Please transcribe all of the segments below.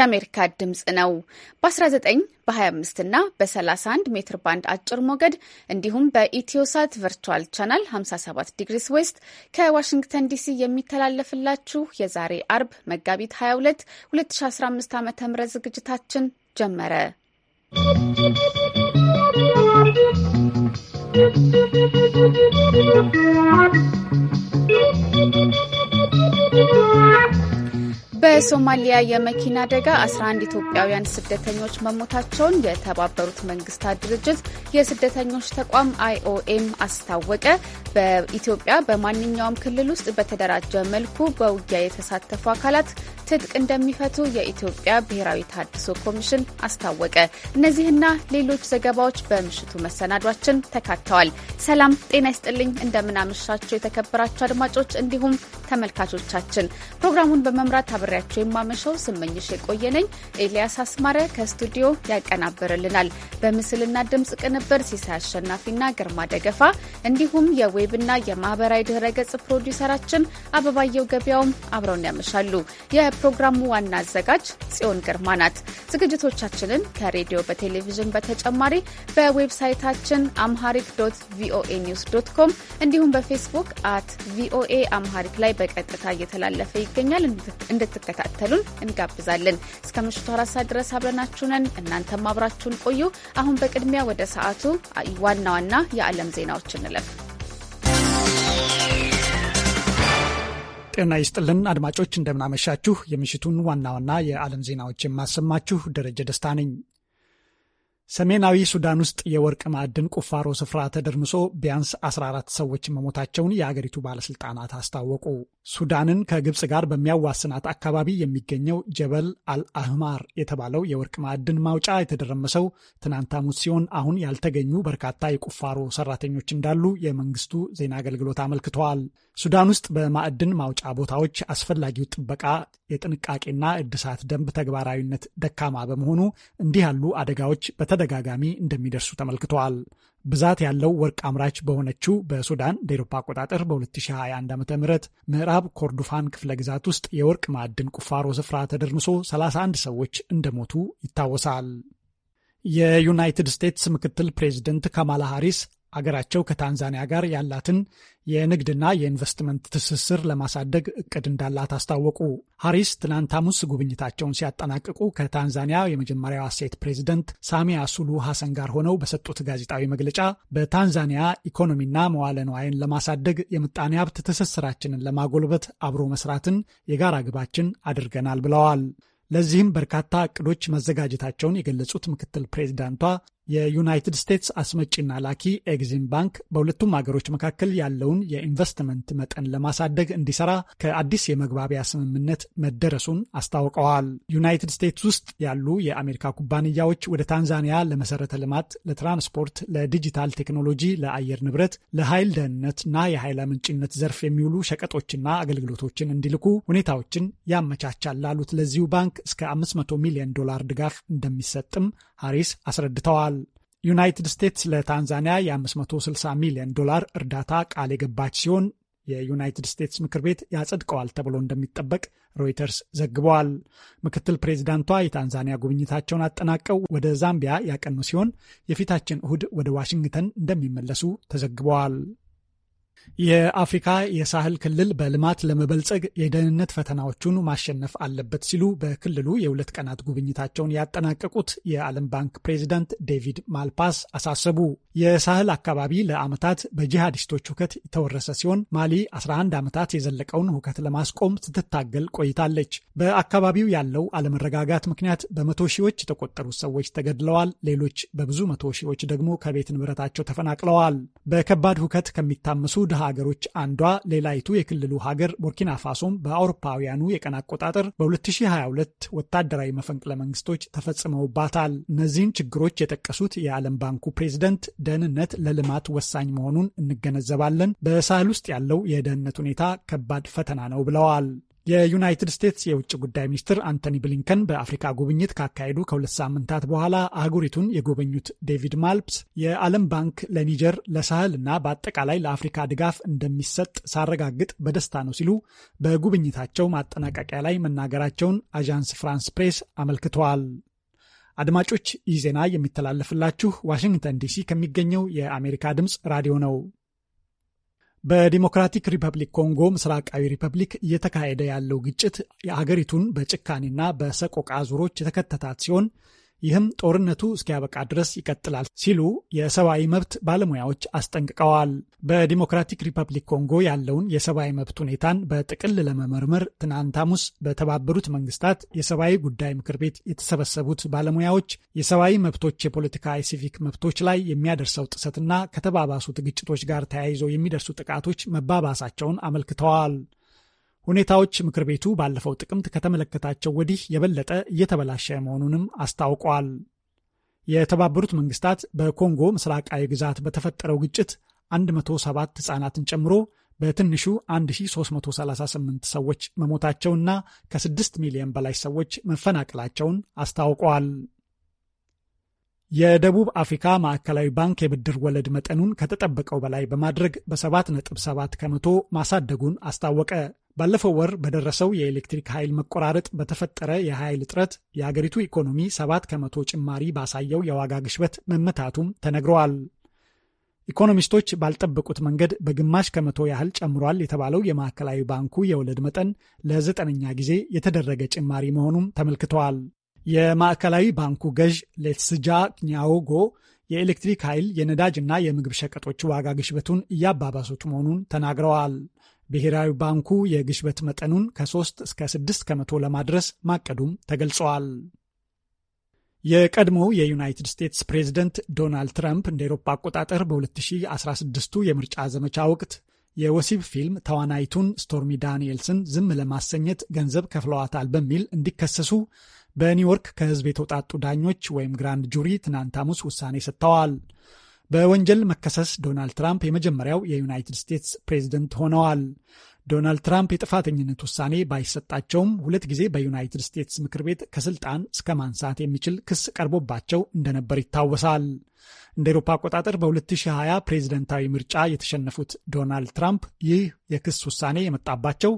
የአሜሪካ ድምፅ ነው። በ19 በ25 እና በ31 ሜትር ባንድ አጭር ሞገድ እንዲሁም በኢትዮሳት ቨርቹዋል ቻናል 57 ዲግሪስ ዌስት ከዋሽንግተን ዲሲ የሚተላለፍላችሁ የዛሬ አርብ መጋቢት 22 2015 ዓ ም ዝግጅታችን ጀመረ። ¶¶ በሶማሊያ የመኪና አደጋ 11 ኢትዮጵያውያን ስደተኞች መሞታቸውን የተባበሩት መንግስታት ድርጅት የስደተኞች ተቋም አይኦኤም አስታወቀ። በኢትዮጵያ በማንኛውም ክልል ውስጥ በተደራጀ መልኩ በውጊያ የተሳተፉ አካላት ትጥቅ እንደሚፈቱ የኢትዮጵያ ብሔራዊ ታድሶ ኮሚሽን አስታወቀ። እነዚህና ሌሎች ዘገባዎች በምሽቱ መሰናዷችን ተካተዋል። ሰላም ጤና ይስጥልኝ። እንደምናመሻቸው የተከበራቸው አድማጮች እንዲሁም ተመልካቾቻችን ፕሮግራሙን በመምራት አብሬያቸው የማመሸው ስመኝሽ ነኝ። ኤልያስ አስማረ ከስቱዲዮ ያቀናብርልናል። በምስልና ድምፅ ቅንብር ሲሳይ አሸናፊና ግርማ ደገፋ እንዲሁም የዌብና የማህበራዊ ድረገጽ ፕሮዲሰራችን ፕሮዲውሰራችን አበባየው ገበያውም አብረውን ያመሻሉ። የፕሮግራሙ ዋና አዘጋጅ ጽዮን ግርማ ናት። ዝግጅቶቻችንን ከሬዲዮ በቴሌቪዥን በተጨማሪ በዌብሳይታችን አምሃሪክ ዶት ቪኦኤ ኒውስ ዶት ኮም እንዲሁም በፌስቡክ አት ቪኦኤ አምሃሪክ ላይ በቀጥታ እየተላለፈ ይገኛል። እንድትከታተሉን እንጋብዛለን። እስከ ምሽቱ አራት ሰዓት ድረስ አብረናችሁ ነን። እናንተም አብራችሁን ቆዩ። አሁን በቅድሚያ ወደ ሰዓቱ ዋና ዋና የዓለም ዜናዎች እንለፍ። ጤና ይስጥልን አድማጮች፣ እንደምናመሻችሁ። የምሽቱን ዋና ዋና የዓለም ዜናዎች የማሰማችሁ ደረጀ ደስታ ነኝ። ሰሜናዊ ሱዳን ውስጥ የወርቅ ማዕድን ቁፋሮ ስፍራ ተደርምሶ ቢያንስ 14 ሰዎች መሞታቸውን የአገሪቱ ባለሥልጣናት አስታወቁ። ሱዳንን ከግብፅ ጋር በሚያዋስናት አካባቢ የሚገኘው ጀበል አልአህማር የተባለው የወርቅ ማዕድን ማውጫ የተደረመሰው ትናንት ሐሙስ ሲሆን አሁን ያልተገኙ በርካታ የቁፋሮ ሰራተኞች እንዳሉ የመንግስቱ ዜና አገልግሎት አመልክተዋል። ሱዳን ውስጥ በማዕድን ማውጫ ቦታዎች አስፈላጊው ጥበቃ የጥንቃቄና እድሳት ደንብ ተግባራዊነት ደካማ በመሆኑ እንዲህ ያሉ አደጋዎች በተደጋጋሚ እንደሚደርሱ ተመልክተዋል። ብዛት ያለው ወርቅ አምራች በሆነችው በሱዳን እንደ ኤሮፓ አቆጣጠር በ2021 ዓ ም ምዕራብ ኮርዱፋን ክፍለ ግዛት ውስጥ የወርቅ ማዕድን ቁፋሮ ስፍራ ተደርምሶ 31 ሰዎች እንደሞቱ ይታወሳል። የዩናይትድ ስቴትስ ምክትል ፕሬዚደንት ካማላ ሃሪስ አገራቸው ከታንዛኒያ ጋር ያላትን የንግድና የኢንቨስትመንት ትስስር ለማሳደግ እቅድ እንዳላት አስታወቁ። ሀሪስ ትናንት ሐሙስ ጉብኝታቸውን ሲያጠናቅቁ ከታንዛኒያ የመጀመሪያዋ ሴት ፕሬዚደንት ሳሚያ ሱሉ ሐሰን ጋር ሆነው በሰጡት ጋዜጣዊ መግለጫ በታንዛኒያ ኢኮኖሚና መዋለ ንዋይን ለማሳደግ የምጣኔ ሀብት ትስስራችንን ለማጎልበት አብሮ መስራትን የጋራ ግባችን አድርገናል ብለዋል። ለዚህም በርካታ እቅዶች መዘጋጀታቸውን የገለጹት ምክትል ፕሬዚዳንቷ የዩናይትድ ስቴትስ አስመጪና ላኪ ኤግዚም ባንክ በሁለቱም አገሮች መካከል ያለውን የኢንቨስትመንት መጠን ለማሳደግ እንዲሰራ ከአዲስ የመግባቢያ ስምምነት መደረሱን አስታውቀዋል። ዩናይትድ ስቴትስ ውስጥ ያሉ የአሜሪካ ኩባንያዎች ወደ ታንዛኒያ ለመሰረተ ልማት፣ ለትራንስፖርት፣ ለዲጂታል ቴክኖሎጂ፣ ለአየር ንብረት፣ ለኃይል ደህንነትና የኃይል ምንጭነት ዘርፍ የሚውሉ ሸቀጦችና አገልግሎቶችን እንዲልኩ ሁኔታዎችን ያመቻቻል ላሉት ለዚሁ ባንክ እስከ 500 ሚሊዮን ዶላር ድጋፍ እንደሚሰጥም ሀሪስ አስረድተዋል። ዩናይትድ ስቴትስ ለታንዛኒያ የ560 ሚሊዮን ዶላር እርዳታ ቃል የገባች ሲሆን የዩናይትድ ስቴትስ ምክር ቤት ያጸድቀዋል ተብሎ እንደሚጠበቅ ሮይተርስ ዘግበዋል። ምክትል ፕሬዚዳንቷ የታንዛኒያ ጉብኝታቸውን አጠናቀው ወደ ዛምቢያ ያቀኑ ሲሆን የፊታችን እሁድ ወደ ዋሽንግተን እንደሚመለሱ ተዘግበዋል። የአፍሪካ የሳህል ክልል በልማት ለመበልጸግ የደህንነት ፈተናዎቹን ማሸነፍ አለበት ሲሉ በክልሉ የሁለት ቀናት ጉብኝታቸውን ያጠናቀቁት የዓለም ባንክ ፕሬዚዳንት ዴቪድ ማልፓስ አሳሰቡ። የሳህል አካባቢ ለዓመታት በጂሃዲስቶች ሁከት የተወረሰ ሲሆን ማሊ 11 ዓመታት የዘለቀውን ሁከት ለማስቆም ስትታገል ቆይታለች። በአካባቢው ያለው አለመረጋጋት ምክንያት በመቶ ሺዎች የተቆጠሩ ሰዎች ተገድለዋል። ሌሎች በብዙ መቶ ሺዎች ደግሞ ከቤት ንብረታቸው ተፈናቅለዋል። በከባድ ሁከት ከሚታመሱ ድሃ ሀገሮች አንዷ ሌላይቱ የክልሉ ሀገር ቡርኪና ፋሶም በአውሮፓውያኑ የቀን አቆጣጠር በ2022 ወታደራዊ መፈንቅለ መንግስቶች ተፈጽመውባታል። እነዚህን ችግሮች የጠቀሱት የዓለም ባንኩ ፕሬዝደንት ደህንነት ለልማት ወሳኝ መሆኑን እንገነዘባለን። በሳህል ውስጥ ያለው የደህንነት ሁኔታ ከባድ ፈተና ነው ብለዋል። የዩናይትድ ስቴትስ የውጭ ጉዳይ ሚኒስትር አንቶኒ ብሊንከን በአፍሪካ ጉብኝት ካካሄዱ ከሁለት ሳምንታት በኋላ አህጉሪቱን የጎበኙት ዴቪድ ማልፕስ የዓለም ባንክ ለኒጀር ለሳህል እና በአጠቃላይ ለአፍሪካ ድጋፍ እንደሚሰጥ ሳረጋግጥ በደስታ ነው ሲሉ በጉብኝታቸው ማጠናቀቂያ ላይ መናገራቸውን አዣንስ ፍራንስ ፕሬስ አመልክተዋል። አድማጮች ይህ ዜና የሚተላለፍላችሁ ዋሽንግተን ዲሲ ከሚገኘው የአሜሪካ ድምፅ ራዲዮ ነው። በዲሞክራቲክ ሪፐብሊክ ኮንጎ ምስራቃዊ ሪፐብሊክ እየተካሄደ ያለው ግጭት የአገሪቱን በጭካኔና በሰቆቃ ዙሮች የተከተታት ሲሆን ይህም ጦርነቱ እስኪያበቃ ድረስ ይቀጥላል ሲሉ የሰብአዊ መብት ባለሙያዎች አስጠንቅቀዋል። በዲሞክራቲክ ሪፐብሊክ ኮንጎ ያለውን የሰብአዊ መብት ሁኔታን በጥቅል ለመመርመር ትናንት ሐሙስ በተባበሩት መንግስታት የሰብአዊ ጉዳይ ምክር ቤት የተሰበሰቡት ባለሙያዎች የሰብአዊ መብቶች የፖለቲካ የሲቪክ መብቶች ላይ የሚያደርሰው ጥሰትና ከተባባሱት ግጭቶች ጋር ተያይዘው የሚደርሱ ጥቃቶች መባባሳቸውን አመልክተዋል። ሁኔታዎች ምክር ቤቱ ባለፈው ጥቅምት ከተመለከታቸው ወዲህ የበለጠ እየተበላሸ መሆኑንም አስታውቋል። የተባበሩት መንግስታት በኮንጎ ምስራቃዊ ግዛት በተፈጠረው ግጭት 107 ሕፃናትን ጨምሮ በትንሹ 1338 ሰዎች መሞታቸውና ከ6 ሚሊዮን በላይ ሰዎች መፈናቀላቸውን አስታውቀዋል። የደቡብ አፍሪካ ማዕከላዊ ባንክ የብድር ወለድ መጠኑን ከተጠበቀው በላይ በማድረግ በ7.7 ከመቶ ማሳደጉን አስታወቀ። ባለፈው ወር በደረሰው የኤሌክትሪክ ኃይል መቆራረጥ በተፈጠረ የኃይል እጥረት የአገሪቱ ኢኮኖሚ 7 ከመቶ ጭማሪ ባሳየው የዋጋ ግሽበት መመታቱም ተነግረዋል። ኢኮኖሚስቶች ባልጠበቁት መንገድ በግማሽ ከመቶ ያህል ጨምሯል የተባለው የማዕከላዊ ባንኩ የወለድ መጠን ለዘጠነኛ ጊዜ የተደረገ ጭማሪ መሆኑም ተመልክተዋል። የማዕከላዊ ባንኩ ገዥ ሌትስጃ ኛዎጎ የኤሌክትሪክ ኃይል፣ የነዳጅ እና የምግብ ሸቀጦች ዋጋ ግሽበቱን እያባባሱት መሆኑን ተናግረዋል። ብሔራዊ ባንኩ የግሽበት መጠኑን ከ3 እስከ 6 ከመቶ ለማድረስ ማቀዱም ተገልጸዋል። የቀድሞው የዩናይትድ ስቴትስ ፕሬዚደንት ዶናልድ ትራምፕ እንደ ኤሮፓ አቆጣጠር በ2016ቱ የምርጫ ዘመቻ ወቅት የወሲብ ፊልም ተዋናይቱን ስቶርሚ ዳንኤልስን ዝም ለማሰኘት ገንዘብ ከፍለዋታል በሚል እንዲከሰሱ በኒውዮርክ ከህዝብ የተውጣጡ ዳኞች ወይም ግራንድ ጁሪ ትናንት ሐሙስ ውሳኔ ሰጥተዋል። በወንጀል መከሰስ ዶናልድ ትራምፕ የመጀመሪያው የዩናይትድ ስቴትስ ፕሬዝደንት ሆነዋል። ዶናልድ ትራምፕ የጥፋተኝነት ውሳኔ ባይሰጣቸውም ሁለት ጊዜ በዩናይትድ ስቴትስ ምክር ቤት ከስልጣን እስከ ማንሳት የሚችል ክስ ቀርቦባቸው እንደነበር ይታወሳል። እንደ ኤሮፓ አቆጣጠር በ2020 ፕሬዝደንታዊ ምርጫ የተሸነፉት ዶናልድ ትራምፕ ይህ የክስ ውሳኔ የመጣባቸው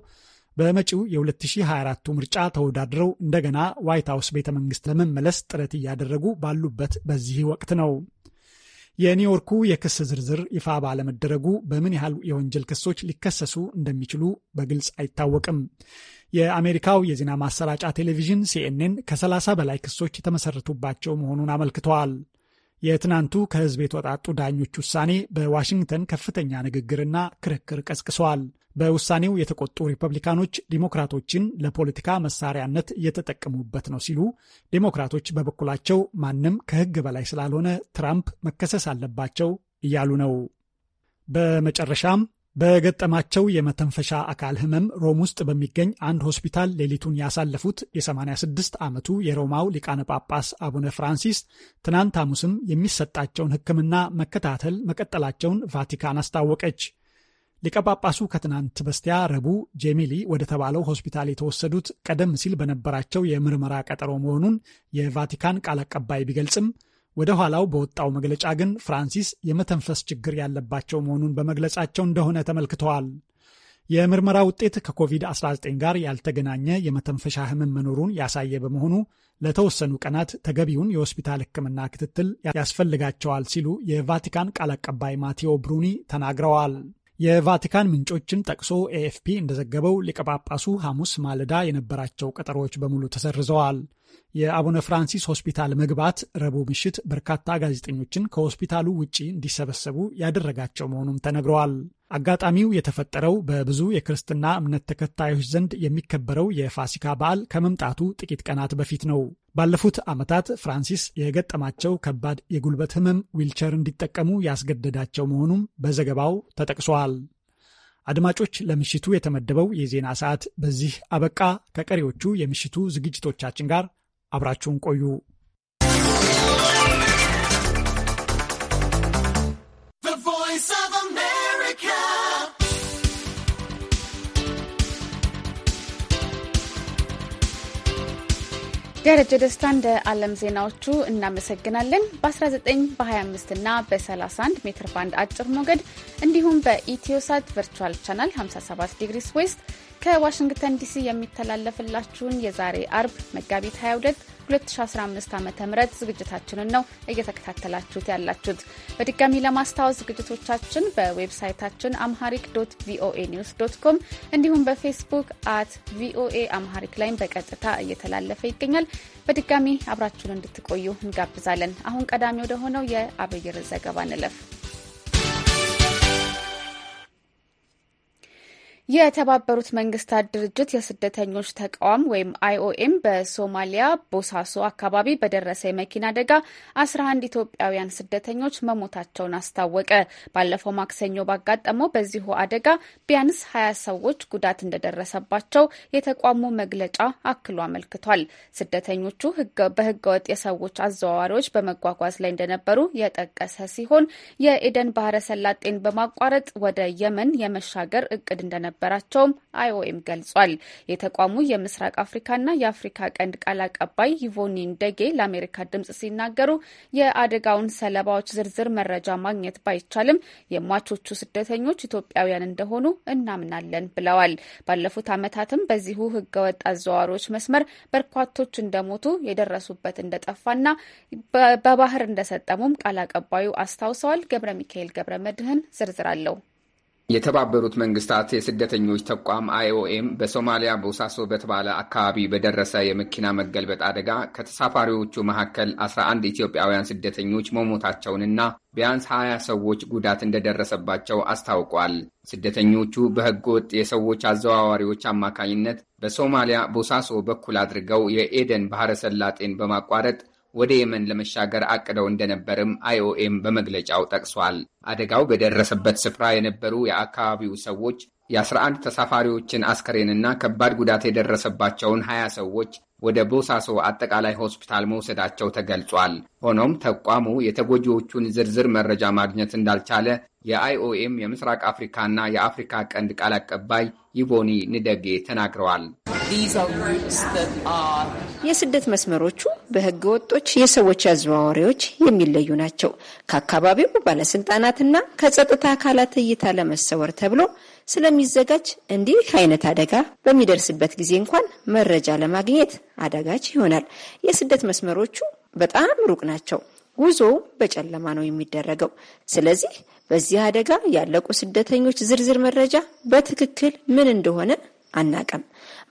በመጪው የ2024 ምርጫ ተወዳድረው እንደገና ዋይት ሀውስ ቤተ መንግስት ለመመለስ ጥረት እያደረጉ ባሉበት በዚህ ወቅት ነው። የኒውዮርኩ የክስ ዝርዝር ይፋ ባለመደረጉ በምን ያህል የወንጀል ክሶች ሊከሰሱ እንደሚችሉ በግልጽ አይታወቅም። የአሜሪካው የዜና ማሰራጫ ቴሌቪዥን ሲኤንኤን ከ30 በላይ ክሶች የተመሰረቱባቸው መሆኑን አመልክተዋል። የትናንቱ ከህዝብ የተወጣጡ ዳኞች ውሳኔ በዋሽንግተን ከፍተኛ ንግግርና ክርክር ቀስቅሰዋል። በውሳኔው የተቆጡ ሪፐብሊካኖች ዲሞክራቶችን ለፖለቲካ መሳሪያነት እየተጠቀሙበት ነው ሲሉ፣ ዲሞክራቶች በበኩላቸው ማንም ከህግ በላይ ስላልሆነ ትራምፕ መከሰስ አለባቸው እያሉ ነው። በመጨረሻም በገጠማቸው የመተንፈሻ አካል ህመም ሮም ውስጥ በሚገኝ አንድ ሆስፒታል ሌሊቱን ያሳለፉት የ86 ዓመቱ የሮማው ሊቃነ ጳጳስ አቡነ ፍራንሲስ ትናንት ሐሙስም የሚሰጣቸውን ሕክምና መከታተል መቀጠላቸውን ቫቲካን አስታወቀች። ሊቀ ጳጳሱ ከትናንት በስቲያ ረቡዕ ጄሚሊ ወደ ተባለው ሆስፒታል የተወሰዱት ቀደም ሲል በነበራቸው የምርመራ ቀጠሮ መሆኑን የቫቲካን ቃል አቀባይ ቢገልጽም ወደ ኋላው በወጣው መግለጫ ግን ፍራንሲስ የመተንፈስ ችግር ያለባቸው መሆኑን በመግለጻቸው እንደሆነ ተመልክተዋል። የምርመራ ውጤት ከኮቪድ-19 ጋር ያልተገናኘ የመተንፈሻ ህመም መኖሩን ያሳየ በመሆኑ ለተወሰኑ ቀናት ተገቢውን የሆስፒታል ሕክምና ክትትል ያስፈልጋቸዋል ሲሉ የቫቲካን ቃል አቀባይ ማቴዎ ብሩኒ ተናግረዋል። የቫቲካን ምንጮችን ጠቅሶ ኤኤፍፒ እንደዘገበው ሊቀ ጳጳሱ ሐሙስ ማለዳ የነበራቸው ቀጠሮዎች በሙሉ ተሰርዘዋል። የአቡነ ፍራንሲስ ሆስፒታል መግባት ረቡዕ ምሽት በርካታ ጋዜጠኞችን ከሆስፒታሉ ውጪ እንዲሰበሰቡ ያደረጋቸው መሆኑም ተነግረዋል። አጋጣሚው የተፈጠረው በብዙ የክርስትና እምነት ተከታዮች ዘንድ የሚከበረው የፋሲካ በዓል ከመምጣቱ ጥቂት ቀናት በፊት ነው። ባለፉት ዓመታት ፍራንሲስ የገጠማቸው ከባድ የጉልበት ህመም ዊልቸር እንዲጠቀሙ ያስገደዳቸው መሆኑም በዘገባው ተጠቅሷል። አድማጮች፣ ለምሽቱ የተመደበው የዜና ሰዓት በዚህ አበቃ። ከቀሪዎቹ የምሽቱ ዝግጅቶቻችን ጋር አብራችሁን ቆዩ። ደረጀ ደስታ እንደ ዓለም ዜናዎቹ እናመሰግናለን። በ19 በ25 እና በ31 ሜትር ባንድ አጭር ሞገድ እንዲሁም በኢትዮሳት ቨርቹዋል ቻናል 57 ዲግሪስ ዌስት ከዋሽንግተን ዲሲ የሚተላለፍላችሁን የዛሬ አርብ መጋቢት 22 2015 ዓ ም ዝግጅታችንን ነው እየተከታተላችሁት ያላችሁት። በድጋሚ ለማስታወስ ዝግጅቶቻችን በዌብሳይታችን አምሃሪክ ዶት ቪኦኤ ኒውስ ዶት ኮም እንዲሁም በፌስቡክ አት ቪኦኤ አምሃሪክ ላይም በቀጥታ እየተላለፈ ይገኛል። በድጋሚ አብራችሁን እንድትቆዩ እንጋብዛለን። አሁን ቀዳሚ ወደሆነው የአብይር ዘገባ እንለፍ። የተባበሩት መንግስታት ድርጅት የስደተኞች ተቋም ወይም አይኦኤም በሶማሊያ ቦሳሶ አካባቢ በደረሰ የመኪና አደጋ 11 ኢትዮጵያውያን ስደተኞች መሞታቸውን አስታወቀ። ባለፈው ማክሰኞ ባጋጠመው በዚሁ አደጋ ቢያንስ 20 ሰዎች ጉዳት እንደደረሰባቸው የተቋሙ መግለጫ አክሎ አመልክቷል። ስደተኞቹ በህገወጥ የሰዎች አዘዋዋሪዎች በመጓጓዝ ላይ እንደነበሩ የጠቀሰ ሲሆን የኤደን ባህረ ሰላጤን በማቋረጥ ወደ የመን የመሻገር እቅድ እንደነበ እንደነበራቸውም አይኦኤም ገልጿል። የተቋሙ የምስራቅ አፍሪካና የአፍሪካ ቀንድ ቃል አቀባይ ይቮኒ እንደጌ ለአሜሪካ ድምጽ ሲናገሩ የአደጋውን ሰለባዎች ዝርዝር መረጃ ማግኘት ባይቻልም የሟቾቹ ስደተኞች ኢትዮጵያውያን እንደሆኑ እናምናለን ብለዋል። ባለፉት ዓመታትም በዚሁ ህገወጥ አዘዋዋሪዎች መስመር በርካቶች እንደሞቱ የደረሱበት እንደጠፋና በባህር እንደሰጠሙም ቃል አቀባዩ አስታውሰዋል። ገብረ ሚካኤል ገብረ መድህን ዝርዝር አለው። የተባበሩት መንግስታት የስደተኞች ተቋም አይኦኤም በሶማሊያ ቦሳሶ በተባለ አካባቢ በደረሰ የመኪና መገልበጥ አደጋ ከተሳፋሪዎቹ መካከል 11 ኢትዮጵያውያን ስደተኞች መሞታቸውንና ቢያንስ 20 ሰዎች ጉዳት እንደደረሰባቸው አስታውቋል። ስደተኞቹ ወጥ የሰዎች አዘዋዋሪዎች አማካኝነት በሶማሊያ ቦሳሶ በኩል አድርገው የኤደን ባህረ ሰላጤን በማቋረጥ ወደ የመን ለመሻገር አቅደው እንደነበርም አይኦኤም በመግለጫው ጠቅሷል። አደጋው በደረሰበት ስፍራ የነበሩ የአካባቢው ሰዎች የ11 ተሳፋሪዎችን አስከሬንና ከባድ ጉዳት የደረሰባቸውን 20 ሰዎች ወደ ቦሳሶ አጠቃላይ ሆስፒታል መውሰዳቸው ተገልጿል። ሆኖም ተቋሙ የተጎጂዎቹን ዝርዝር መረጃ ማግኘት እንዳልቻለ የአይኦኤም የምስራቅ አፍሪካና የአፍሪካ ቀንድ ቃል አቀባይ ይቦኒ ንደጌ ተናግረዋል። የስደት መስመሮቹ በህገ ወጦች የሰዎች አዘዋዋሪዎች የሚለዩ ናቸው። ከአካባቢው ባለስልጣናትና ከጸጥታ አካላት እይታ ለመሰወር ተብሎ ስለሚዘጋጅ እንዲህ አይነት አደጋ በሚደርስበት ጊዜ እንኳን መረጃ ለማግኘት አዳጋች ይሆናል። የስደት መስመሮቹ በጣም ሩቅ ናቸው። ጉዞ በጨለማ ነው የሚደረገው። ስለዚህ በዚህ አደጋ ያለቁ ስደተኞች ዝርዝር መረጃ በትክክል ምን እንደሆነ አናቅም።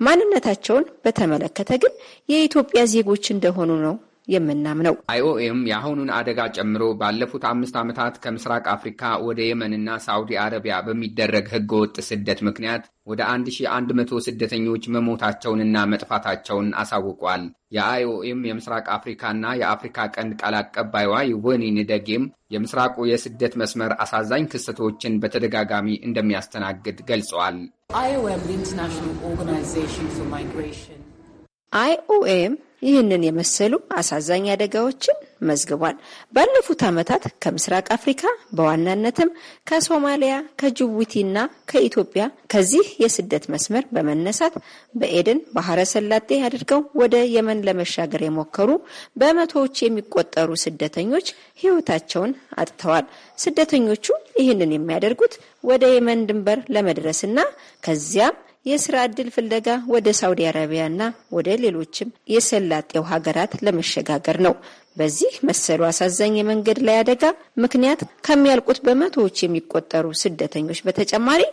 ማንነታቸውን በተመለከተ ግን የኢትዮጵያ ዜጎች እንደሆኑ ነው የምናምነው። አይኦኤም የአሁኑን አደጋ ጨምሮ ባለፉት አምስት ዓመታት ከምስራቅ አፍሪካ ወደ የመንና ሳዑዲ አረቢያ በሚደረግ ህገወጥ ስደት ምክንያት ወደ 1100 ስደተኞች መሞታቸውንና መጥፋታቸውን አሳውቋል። የአይኦኤም የምስራቅ አፍሪካና የአፍሪካ ቀንድ ቃል አቀባይዋ ይቮኒ ንደጌም የምስራቁ የስደት መስመር አሳዛኝ ክስተቶችን በተደጋጋሚ እንደሚያስተናግድ ገልጸዋል። አይኦኤም ይህንን የመሰሉ አሳዛኝ አደጋዎችን መዝግቧል። ባለፉት ዓመታት ከምስራቅ አፍሪካ በዋናነትም ከሶማሊያ፣ ከጅቡቲና ከኢትዮጵያ ከዚህ የስደት መስመር በመነሳት በኤደን ባህረ ሰላጤ አድርገው ወደ የመን ለመሻገር የሞከሩ በመቶዎች የሚቆጠሩ ስደተኞች ሕይወታቸውን አጥተዋል። ስደተኞቹ ይህንን የሚያደርጉት ወደ የመን ድንበር ለመድረስና ከዚያም የስራ ዕድል ፍለጋ ወደ ሳውዲ አረቢያና ወደ ሌሎችም የሰላጤው ሀገራት ለመሸጋገር ነው። በዚህ መሰሉ አሳዛኝ የመንገድ ላይ አደጋ ምክንያት ከሚያልቁት በመቶዎች የሚቆጠሩ ስደተኞች በተጨማሪ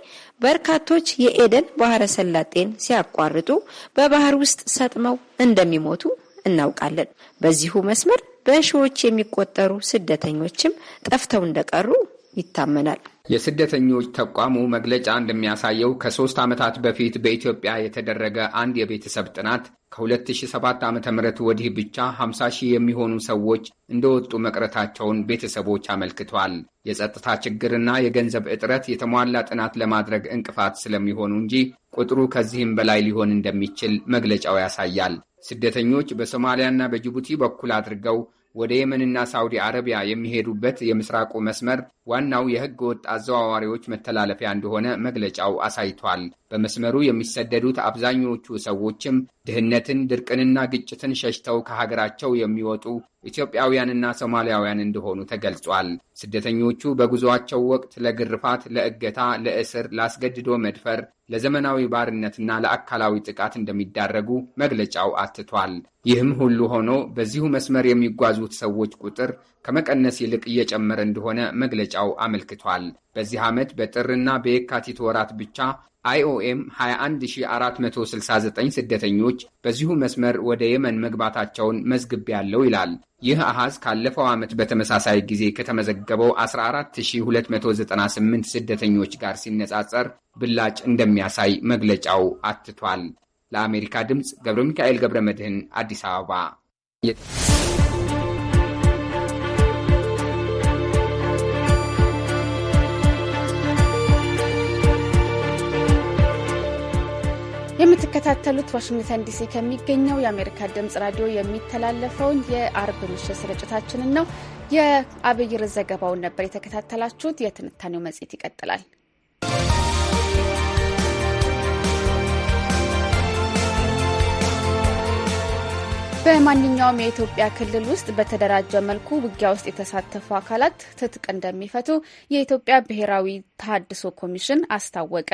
በርካቶች የኤደን ባህረ ሰላጤን ሲያቋርጡ በባህር ውስጥ ሰጥመው እንደሚሞቱ እናውቃለን። በዚሁ መስመር በሺዎች የሚቆጠሩ ስደተኞችም ጠፍተው እንደቀሩ ይታመናል። የስደተኞች ተቋሙ መግለጫ እንደሚያሳየው ከሶስት ዓመታት በፊት በኢትዮጵያ የተደረገ አንድ የቤተሰብ ጥናት ከ2007 ዓ ም ወዲህ ብቻ 50 ሺህ የሚሆኑ ሰዎች እንደወጡ መቅረታቸውን ቤተሰቦች አመልክቷል። የጸጥታ ችግርና የገንዘብ እጥረት የተሟላ ጥናት ለማድረግ እንቅፋት ስለሚሆኑ እንጂ ቁጥሩ ከዚህም በላይ ሊሆን እንደሚችል መግለጫው ያሳያል። ስደተኞች በሶማሊያና በጅቡቲ በኩል አድርገው ወደ የመንና ሳውዲ አረቢያ የሚሄዱበት የምስራቁ መስመር ዋናው የህገ ወጥ አዘዋዋሪዎች መተላለፊያ እንደሆነ መግለጫው አሳይቷል። በመስመሩ የሚሰደዱት አብዛኞቹ ሰዎችም ድህነትን፣ ድርቅንና ግጭትን ሸሽተው ከሀገራቸው የሚወጡ ኢትዮጵያውያንና ሶማሊያውያን እንደሆኑ ተገልጿል። ስደተኞቹ በጉዞአቸው ወቅት ለግርፋት፣ ለእገታ፣ ለእስር፣ ላስገድዶ መድፈር፣ ለዘመናዊ ባርነትና ለአካላዊ ጥቃት እንደሚዳረጉ መግለጫው አትቷል። ይህም ሁሉ ሆኖ በዚሁ መስመር የሚጓዙት ሰዎች ቁጥር ከመቀነስ ይልቅ እየጨመረ እንደሆነ መግለጫው አመልክቷል። በዚህ ዓመት በጥርና በየካቲት ወራት ብቻ አይኦኤም 21469 ስደተኞች በዚሁ መስመር ወደ የመን መግባታቸውን ያለው ይላል። ይህ አሃዝ ካለፈው ዓመት በተመሳሳይ ጊዜ ከተመዘገበው 14298 ስደተኞች ጋር ሲነጻጸር ብላጭ እንደሚያሳይ መግለጫው አትቷል። ለአሜሪካ ድምፅ ገብረ ሚካኤል ገብረ መድህን አዲስ አበባ የምትከታተሉት ዋሽንግተን ዲሲ ከሚገኘው የአሜሪካ ድምጽ ራዲዮ የሚተላለፈውን የአርብ ምሽት ስርጭታችንን ነው። የአብይር ዘገባውን ነበር የተከታተላችሁት። የትንታኔው መጽሔት ይቀጥላል። በማንኛውም የኢትዮጵያ ክልል ውስጥ በተደራጀ መልኩ ውጊያ ውስጥ የተሳተፉ አካላት ትጥቅ እንደሚፈቱ የኢትዮጵያ ብሔራዊ ተሃድሶ ኮሚሽን አስታወቀ።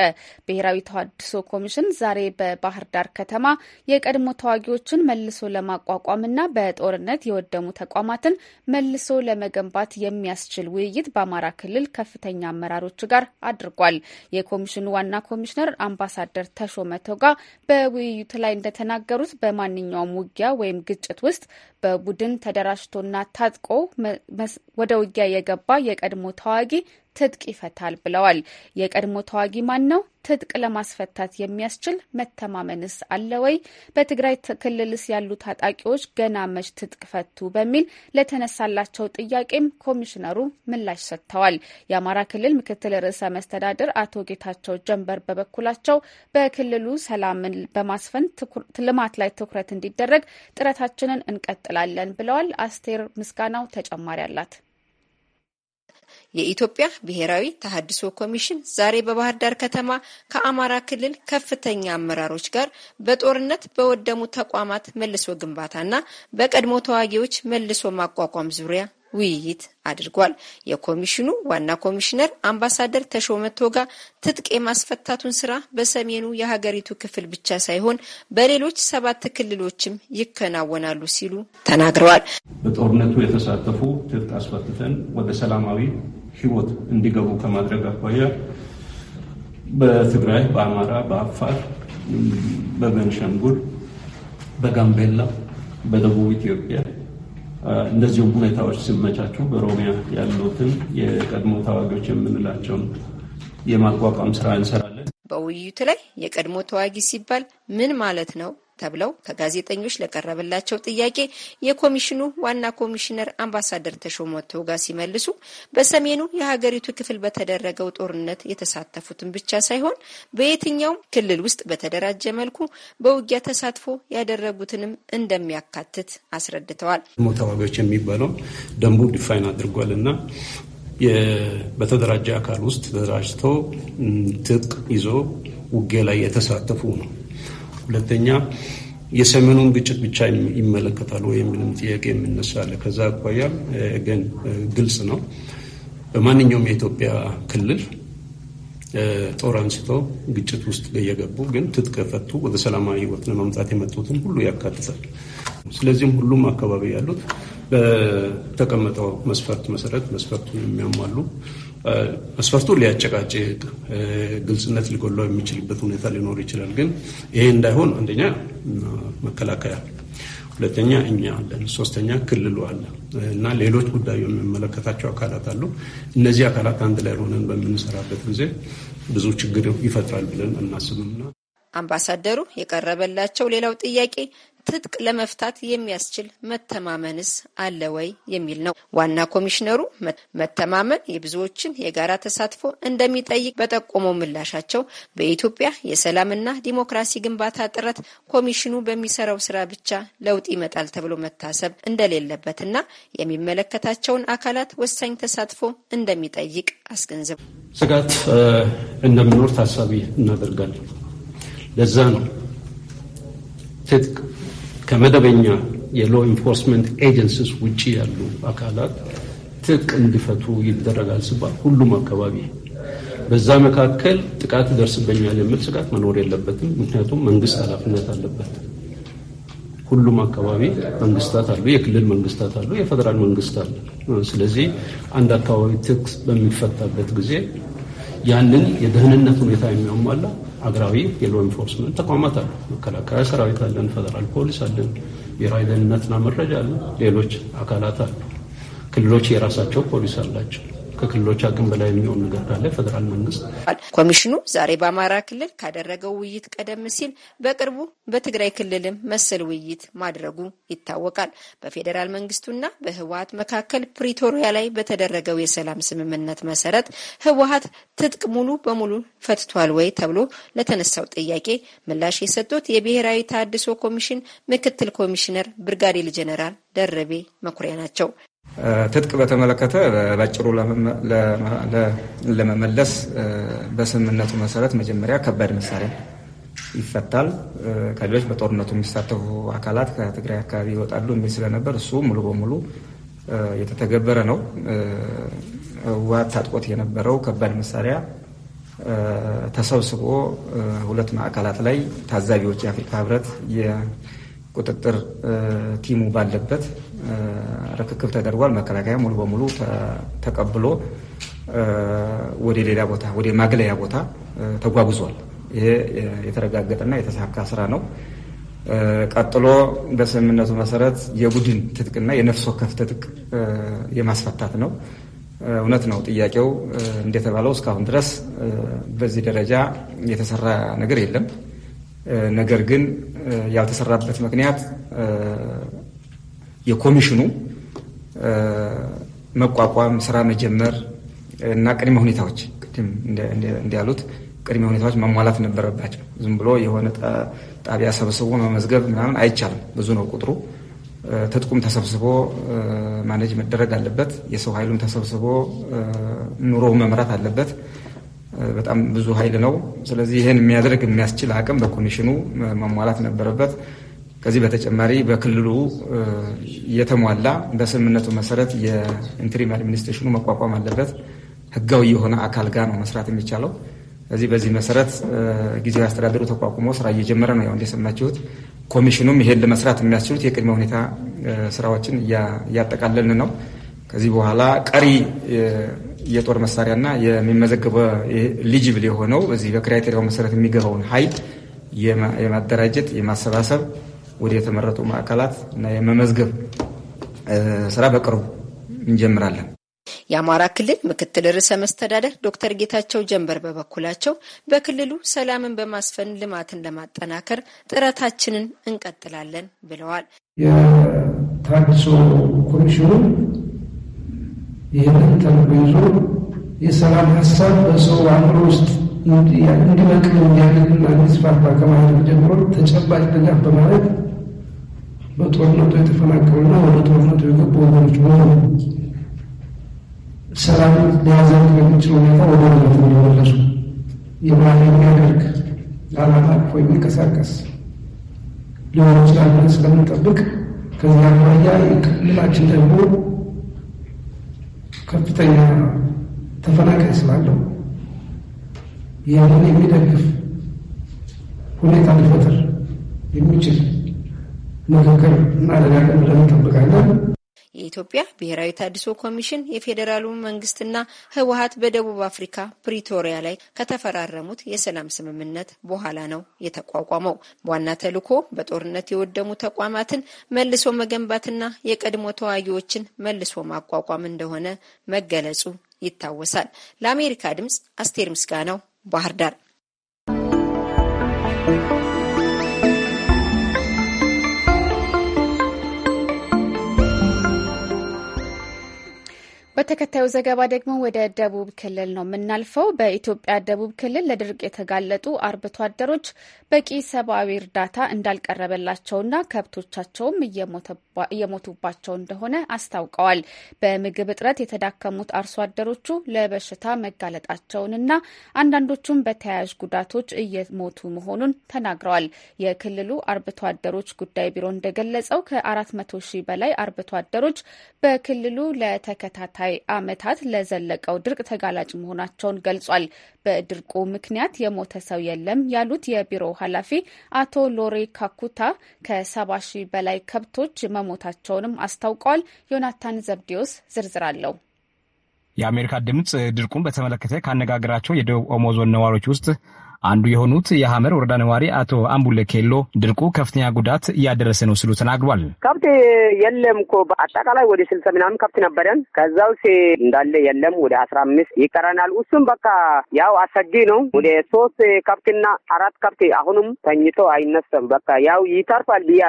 ብሔራዊ ተሃድሶ ኮሚሽን ዛሬ በባህር ዳር ከተማ የቀድሞ ተዋጊዎችን መልሶ ለማቋቋምና በጦርነት የወደሙ ተቋማትን መልሶ ለመገንባት የሚያስችል ውይይት በአማራ ክልል ከፍተኛ አመራሮች ጋር አድርጓል። የኮሚሽኑ ዋና ኮሚሽነር አምባሳደር ተሾመ ቶጋ በውይይቱ ላይ እንደተናገሩት በማንኛውም ውጊያ ወይም ግጭት ውስጥ በቡድን ተደራጅቶና ታጥቆ ወደ ውጊያ የገባ የቀድሞ ተዋጊ ትጥቅ ይፈታል ብለዋል። የቀድሞ ተዋጊ ማን ነው? ትጥቅ ለማስፈታት የሚያስችል መተማመንስ አለ ወይ? በትግራይ ክልልስ ያሉ ታጣቂዎች ገና መች ትጥቅ ፈቱ? በሚል ለተነሳላቸው ጥያቄም ኮሚሽነሩ ምላሽ ሰጥተዋል። የአማራ ክልል ምክትል ርዕሰ መስተዳድር አቶ ጌታቸው ጀንበር በበኩላቸው በክልሉ ሰላምን በማስፈን ልማት ላይ ትኩረት እንዲደረግ ጥረታችንን እንቀጥላል እንቀጥላለን ብለዋል። አስቴር ምስጋናው ተጨማሪ አላት። የኢትዮጵያ ብሔራዊ ተሃድሶ ኮሚሽን ዛሬ በባህር ዳር ከተማ ከአማራ ክልል ከፍተኛ አመራሮች ጋር በጦርነት በወደሙ ተቋማት መልሶ ግንባታና በቀድሞ ተዋጊዎች መልሶ ማቋቋም ዙሪያ ውይይት አድርጓል። የኮሚሽኑ ዋና ኮሚሽነር አምባሳደር ተሾመ ቶጋ ትጥቅ የማስፈታቱን ስራ በሰሜኑ የሀገሪቱ ክፍል ብቻ ሳይሆን በሌሎች ሰባት ክልሎችም ይከናወናሉ ሲሉ ተናግረዋል። በጦርነቱ የተሳተፉ ትጥቅ አስፈትተን ወደ ሰላማዊ ህይወት እንዲገቡ ከማድረግ አኳያ በትግራይ፣ በአማራ፣ በአፋር፣ በቤንሻንጉል፣ በጋምቤላ፣ በደቡብ ኢትዮጵያ እንደዚሁም ሁኔታዎች ሲመቻቹ በኦሮሚያ ያሉትን የቀድሞ ተዋጊዎች የምንላቸውን የማቋቋም ስራ እንሰራለን። በውይይቱ ላይ የቀድሞ ተዋጊ ሲባል ምን ማለት ነው ተብለው ከጋዜጠኞች ለቀረበላቸው ጥያቄ የኮሚሽኑ ዋና ኮሚሽነር አምባሳደር ተሾመ ቶጋ ሲመልሱ በሰሜኑ የሀገሪቱ ክፍል በተደረገው ጦርነት የተሳተፉትን ብቻ ሳይሆን በየትኛውም ክልል ውስጥ በተደራጀ መልኩ በውጊያ ተሳትፎ ያደረጉትንም እንደሚያካትት አስረድተዋል። ተዋጊዎች የሚባለው ደንቡ ዲፋይን አድርጓል እና በተደራጀ አካል ውስጥ ተደራጅተው ትጥቅ ይዞ ውጌ ላይ የተሳተፉ ነው። ሁለተኛ የሰሜኑን ግጭት ብቻ ይመለከታል ወይም ምንም ጥያቄ የምነሳለ። ከዛ አኳያ ግን ግልጽ ነው። በማንኛውም የኢትዮጵያ ክልል ጦር አንስቶ ግጭት ውስጥ የገቡ ግን ትጥቅ የፈቱ ወደ ሰላማዊ ህይወት ለመምጣት የመጡትን ሁሉ ያካትታል። ስለዚህም ሁሉም አካባቢ ያሉት በተቀመጠው መስፈርት መሰረት መስፈርቱን የሚያሟሉ መስፈርቱ ሊያጨቃጭቅ ግልጽነት ሊጎላው የሚችልበት ሁኔታ ሊኖር ይችላል። ግን ይሄ እንዳይሆን አንደኛ መከላከያ፣ ሁለተኛ እኛ አለን፣ ሶስተኛ ክልሉ አለ እና ሌሎች ጉዳዩ የሚመለከታቸው አካላት አሉ። እነዚህ አካላት አንድ ላይ ሆነን በምንሰራበት ጊዜ ብዙ ችግር ይፈጥራል ብለን አናስብምና አምባሳደሩ የቀረበላቸው ሌላው ጥያቄ ትጥቅ ለመፍታት የሚያስችል መተማመንስ አለ ወይ የሚል ነው። ዋና ኮሚሽነሩ መተማመን የብዙዎችን የጋራ ተሳትፎ እንደሚጠይቅ በጠቆመው ምላሻቸው በኢትዮጵያ የሰላምና ዲሞክራሲ ግንባታ ጥረት ኮሚሽኑ በሚሰራው ስራ ብቻ ለውጥ ይመጣል ተብሎ መታሰብ እንደሌለበትና የሚመለከታቸውን አካላት ወሳኝ ተሳትፎ እንደሚጠይቅ አስገንዝብ ስጋት እንደሚኖር ታሳቢ እናደርጋለን። ለዛ ነው ትጥቅ ከመደበኛ የሎ ኢንፎርስመንት ኤጀንሲስ ውጭ ያሉ አካላት ትጥቅ እንዲፈቱ ይደረጋል ሲባል ሁሉም አካባቢ በዛ መካከል ጥቃት ይደርስበኛል የሚል ስጋት መኖር የለበትም። ምክንያቱም መንግስት ኃላፊነት አለበት። ሁሉም አካባቢ መንግስታት አሉ፣ የክልል መንግስታት አሉ፣ የፌደራል መንግስት አለ። ስለዚህ አንድ አካባቢ ትጥቅ በሚፈታበት ጊዜ ያንን የደህንነት ሁኔታ የሚያሟላ አገራዊ የሎ ኢንፎርስመንት ተቋማት አሉ። መከላከያ ሰራዊት አለን፣ ፌደራል ፖሊስ አለን፣ ብሔራዊ ደህንነትና መረጃ አለን፣ ሌሎች አካላት አሉ። ክልሎች የራሳቸው ፖሊስ አላቸው። ከክልሎች አቅም በላይ የሚሆን ነገር ካለ ፌዴራል መንግስት ኮሚሽኑ ዛሬ በአማራ ክልል ካደረገው ውይይት ቀደም ሲል በቅርቡ በትግራይ ክልልም መሰል ውይይት ማድረጉ ይታወቃል። በፌዴራል መንግስቱና በህወሀት መካከል ፕሪቶሪያ ላይ በተደረገው የሰላም ስምምነት መሰረት ህወሀት ትጥቅ ሙሉ በሙሉ ፈትቷል ወይ ተብሎ ለተነሳው ጥያቄ ምላሽ የሰጡት የብሔራዊ ተሃድሶ ኮሚሽን ምክትል ኮሚሽነር ብርጋዴር ጄኔራል ደረቤ መኩሪያ ናቸው። ትጥቅ በተመለከተ በአጭሩ ለመመለስ በስምምነቱ መሰረት መጀመሪያ ከባድ መሳሪያ ይፈታል፣ ከሌሎች በጦርነቱ የሚሳተፉ አካላት ከትግራይ አካባቢ ይወጣሉ የሚል ስለነበር እሱ ሙሉ በሙሉ የተተገበረ ነው። ህወሓት ታጥቆት የነበረው ከባድ መሳሪያ ተሰብስቦ ሁለት ማዕከላት ላይ ታዛቢዎች የአፍሪካ ህብረት የቁጥጥር ቲሙ ባለበት ርክክብ ተደርጓል። መከላከያ ሙሉ በሙሉ ተቀብሎ ወደ ሌላ ቦታ ወደ ማግለያ ቦታ ተጓጉዟል። ይሄ የተረጋገጠና የተሳካ ስራ ነው። ቀጥሎ በስምምነቱ መሰረት የቡድን ትጥቅና የነፍስ ወከፍ ትጥቅ የማስፈታት ነው። እውነት ነው ጥያቄው እንደተባለው እስካሁን ድረስ በዚህ ደረጃ የተሰራ ነገር የለም። ነገር ግን ያልተሰራበት ምክንያት የኮሚሽኑ መቋቋም ስራ መጀመር እና ቅድመ ሁኔታዎች ቅድም እንዳሉት ቅድመ ሁኔታዎች መሟላት ነበረባቸው። ዝም ብሎ የሆነ ጣቢያ ሰብስቦ መመዝገብ ምናምን አይቻልም። ብዙ ነው ቁጥሩ። ትጥቁም ተሰብስቦ ማኔጅ መደረግ አለበት። የሰው ኃይሉም ተሰብስቦ ኑሮ መምራት አለበት። በጣም ብዙ ኃይል ነው። ስለዚህ ይህን የሚያደርግ የሚያስችል አቅም በኮሚሽኑ መሟላት ነበረበት። ከዚህ በተጨማሪ በክልሉ የተሟላ በስምምነቱ መሰረት የኢንትሪም አድሚኒስትሬሽኑ መቋቋም አለበት። ህጋዊ የሆነ አካል ጋር ነው መስራት የሚቻለው። ዚህ በዚህ መሰረት ጊዜያዊ አስተዳደሩ ተቋቁሞ ስራ እየጀመረ ነው። ያው እንደሰማችሁት ኮሚሽኑም ይሄን ለመስራት የሚያስችሉት የቅድመ ሁኔታ ስራዎችን እያጠቃለልን ነው። ከዚህ በኋላ ቀሪ የጦር መሳሪያና የሚመዘገበ ሊጅብል የሆነው በዚህ በክራይቴሪያው መሰረት የሚገባውን ሀይል የማደራጀት የማሰባሰብ ወደ የተመረጡ ማዕከላት እና የመመዝገብ ስራ በቅርቡ እንጀምራለን። የአማራ ክልል ምክትል ርዕሰ መስተዳደር ዶክተር ጌታቸው ጀንበር በበኩላቸው በክልሉ ሰላምን በማስፈን ልማትን ለማጠናከር ጥረታችንን እንቀጥላለን ብለዋል። የታድሶ ኮሚሽኑ ይህንን ተጉዞ የሰላም ሀሳብ በሰው አእምሮ ውስጥ እንዲበቅል እንዲያደርግና እንዲስፋፋ ከማድረግ ጀምሮ ተጨባጭ ድጋፍ በማለት በጦርነቱ የተፈናቀሉና ወደ ጦርነቱ የገቡ ወገኖች በሙሉ ሰላም ሊያዘልቅ በሚችል ሁኔታ ወደ ወገት እንዲመለሱ የባህል የሚያደርግ ዓላማ የሚንቀሳቀስ ሊሆን ይችላል ብለን ስለምንጠብቅ ከዚህ አኳያ የክልላችን ደግሞ ከፍተኛ ተፈናቃይ ስላለው ይህንን የሚደግፍ ሁኔታ ሊፈጥር የሚችል ምክክር ማድረግ አቅም እንጠብቃለን። የኢትዮጵያ ብሔራዊ ታድሶ ኮሚሽን የፌዴራሉ መንግስትና ህወሀት በደቡብ አፍሪካ ፕሪቶሪያ ላይ ከተፈራረሙት የሰላም ስምምነት በኋላ ነው የተቋቋመው። ዋና ተልዕኮ በጦርነት የወደሙ ተቋማትን መልሶ መገንባትና የቀድሞ ተዋጊዎችን መልሶ ማቋቋም እንደሆነ መገለጹ ይታወሳል። ለአሜሪካ ድምጽ አስቴር ምስጋናው ባህር ዳር በተከታዩ ዘገባ ደግሞ ወደ ደቡብ ክልል ነው የምናልፈው። በኢትዮጵያ ደቡብ ክልል ለድርቅ የተጋለጡ አርብቶ አደሮች በቂ ሰብአዊ እርዳታ እንዳልቀረበላቸውና ከብቶቻቸውም እየሞቱባቸው እንደሆነ አስታውቀዋል። በምግብ እጥረት የተዳከሙት አርሶ አደሮቹ ለበሽታ መጋለጣቸውንና አንዳንዶቹም በተያያዥ ጉዳቶች እየሞቱ መሆኑን ተናግረዋል። የክልሉ አርብቶ አደሮች ጉዳይ ቢሮ እንደገለጸው ከአራት መቶ ሺህ በላይ አርብቶ አደሮች በክልሉ ለተከታታይ በተከታታይ ዓመታት ለዘለቀው ድርቅ ተጋላጭ መሆናቸውን ገልጿል። በድርቁ ምክንያት የሞተ ሰው የለም ያሉት የቢሮው ኃላፊ አቶ ሎሬ ካኩታ ከሰባ ሺህ በላይ ከብቶች መሞታቸውንም አስታውቀዋል። ዮናታን ዘብዲዮስ ዝርዝር አለው። የአሜሪካ ድምፅ ድርቁን በተመለከተ ካነጋገራቸው የደቡብ ኦሞ ዞን ነዋሪዎች ውስጥ አንዱ የሆኑት የሐመር ወረዳ ነዋሪ አቶ አምቡለ ኬሎ ድርቁ ከፍተኛ ጉዳት እያደረሰ ነው ሲሉ ተናግሯል። ከብት የለም እኮ በአጠቃላይ ወደ ስልሳ ምናምን ከብት ነበረን። ከዛ ውስጥ እንዳለ የለም ወደ አስራ አምስት ይቀረናል። እሱም በቃ ያው አሰጊ ነው። ወደ ሶስት ከብትና አራት ከብት አሁንም ተኝቶ አይነሰም። በቃ ያው ይተርፋል ብዬ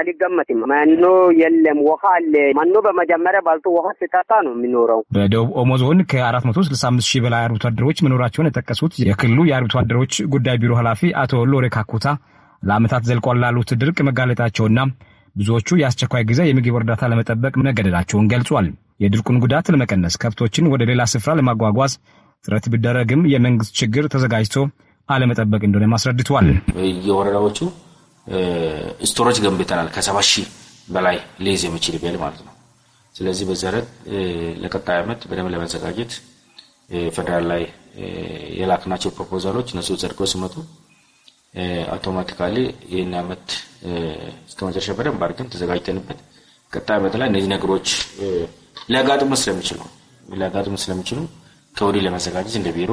አልገመትም። መኖ የለም፣ ውሃ አለ። መኖ በመጀመሪያ ባልቶ ውሃ ሲጠጣ ነው የሚኖረው። በደቡብ ኦሞ ዞን ከአራት መቶ ስልሳ አምስት ሺህ በላይ አርብቶ አደሮች መኖራቸውን የጠቀሱት የክልሉ የአርብቶ አደሮች ጉዳይ ቢሮ ኃላፊ አቶ ሎሬ ካኩታ ለዓመታት ዘልቋል ላሉት ድርቅ መጋለጣቸውና ብዙዎቹ የአስቸኳይ ጊዜ የምግብ እርዳታ ለመጠበቅ መገደዳቸውን ገልጿል። የድርቁን ጉዳት ለመቀነስ ከብቶችን ወደ ሌላ ስፍራ ለማጓጓዝ ጥረት ቢደረግም የመንግስት ችግር ተዘጋጅቶ አለመጠበቅ እንደሆነ ማስረድተዋል። የወረዳዎቹ ስቶሮች ገንብተናል። ከሰባ ሺህ በላይ ሊይዝ የሚችል ቤል ማለት ነው። ስለዚህ በዚህ ለቀጣይ ዓመት በደንብ ለመዘጋጀት ፌደራል ላይ የላክናቸው ፕሮፖዛሎች እነሱ ጸድቆ ሲመጡ አውቶማቲካሊ ይህን ዓመት እስከ መጨረሻ በደንብ አድርገን ተዘጋጅተንበት ቀጣይ ዓመት ላይ እነዚህ ነገሮች ሊያጋጥሙ ስለሚችሉ ሊያጋጥሙ ስለሚችሉ ከወዲህ ለመዘጋጀት እንደ ቢሮ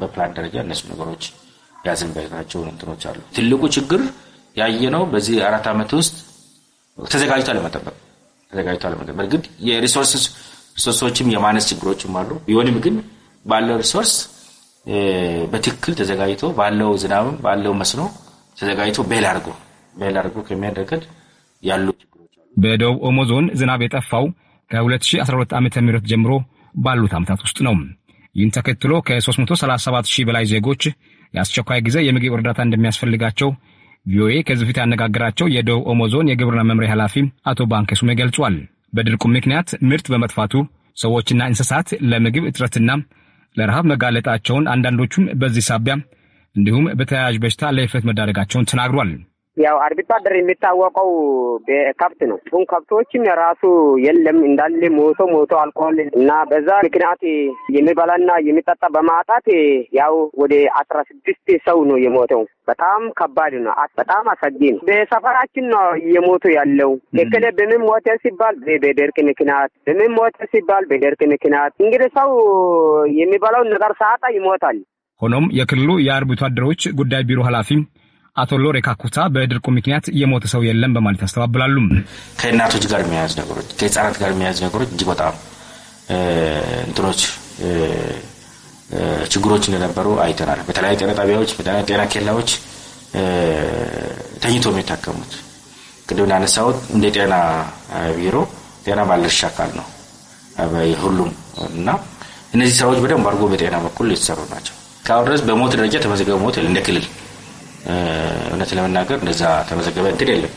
በፕላን ደረጃ እነሱ ነገሮች ያዘንበታቸው እንትኖች አሉ። ትልቁ ችግር ያየነው በዚህ አራት ዓመት ውስጥ ተዘጋጅቶ አለመጠበቅ ተዘጋጅቶ አለመጠበቅ። የሪሶርስ የሪሶርሶችም የማነስ ችግሮችም አሉ። ቢሆንም ግን ባለው ሪሶርስ በትክክል ተዘጋጅቶ ባለው ዝናብም ባለው መስኖ ተዘጋጅቶ ቤል አድርጎ ቤል ያሉ ችግሮች አሉ። በደቡብ ኦሞ ዞን ዝናብ የጠፋው ከ2012 ዓ ም ጀምሮ ባሉት ዓመታት ውስጥ ነው። ይህን ተከትሎ ከ337 ሺህ በላይ ዜጎች የአስቸኳይ ጊዜ የምግብ እርዳታ እንደሚያስፈልጋቸው ቪኦኤ ከዚህ በፊት ያነጋገራቸው የደቡብ ኦሞ ዞን የግብርና መምሪያ ኃላፊ አቶ ባንከሱሜ ገልጿል። በድርቁ ምክንያት ምርት በመጥፋቱ ሰዎችና እንስሳት ለምግብ እጥረትና ለረሃብ መጋለጣቸውን አንዳንዶቹም በዚህ ሳቢያ እንዲሁም በተያያዥ በሽታ ለህልፈት መዳረጋቸውን ተናግሯል። ያው አርብቶ አደር የሚታወቀው ከብት ነው። አሁን ከብቶችም ራሱ የለም እንዳለ ሞቶ ሞቶ አልቋል እና በዛ ምክንያት የሚበላና የሚጠጣ በማጣት ያው ወደ አስራ ስድስት ሰው ነው የሞተው። በጣም ከባድ ነው። በጣም አሰጊ ነው። በሰፈራችን ነው እየሞቱ ያለው። እክለ በምን ሞተ ሲባል በደርቅ ምክንያት፣ በምን ሞተ ሲባል በደርቅ ምክንያት። እንግዲህ ሰው የሚበላውን ነገር ሳጣ ይሞታል። ሆኖም የክልሉ የአርብቶ አደሮች ጉዳይ ቢሮ ኃላፊም አቶ ሎሬ ካኩታ በድርቁ ምክንያት የሞተ ሰው የለም በማለት ያስተባብላሉ። ከእናቶች ጋር የሚያያዝ ነገሮች፣ ከህጻናት ጋር የሚያያዝ ነገሮች እጅግ በጣም እንትኖች ችግሮች እንደነበሩ አይተናል። በተለያዩ ጤና ጣቢያዎች፣ በተለያዩ ጤና ኬላዎች ተኝቶ የሚታከሙት ቅድም እንዳነሳሁት እንደ ጤና ቢሮ ጤና ባለድርሻ አካል ነው ሁሉም እና እነዚህ ስራዎች በደንብ አድርጎ በጤና በኩል የተሰሩ ናቸው። ከአሁን ድረስ በሞት ደረጃ ተመዘገበ ሞት እንደ ክልል እውነት ለመናገር እንደዛ ተመዘገበ እንትን የለም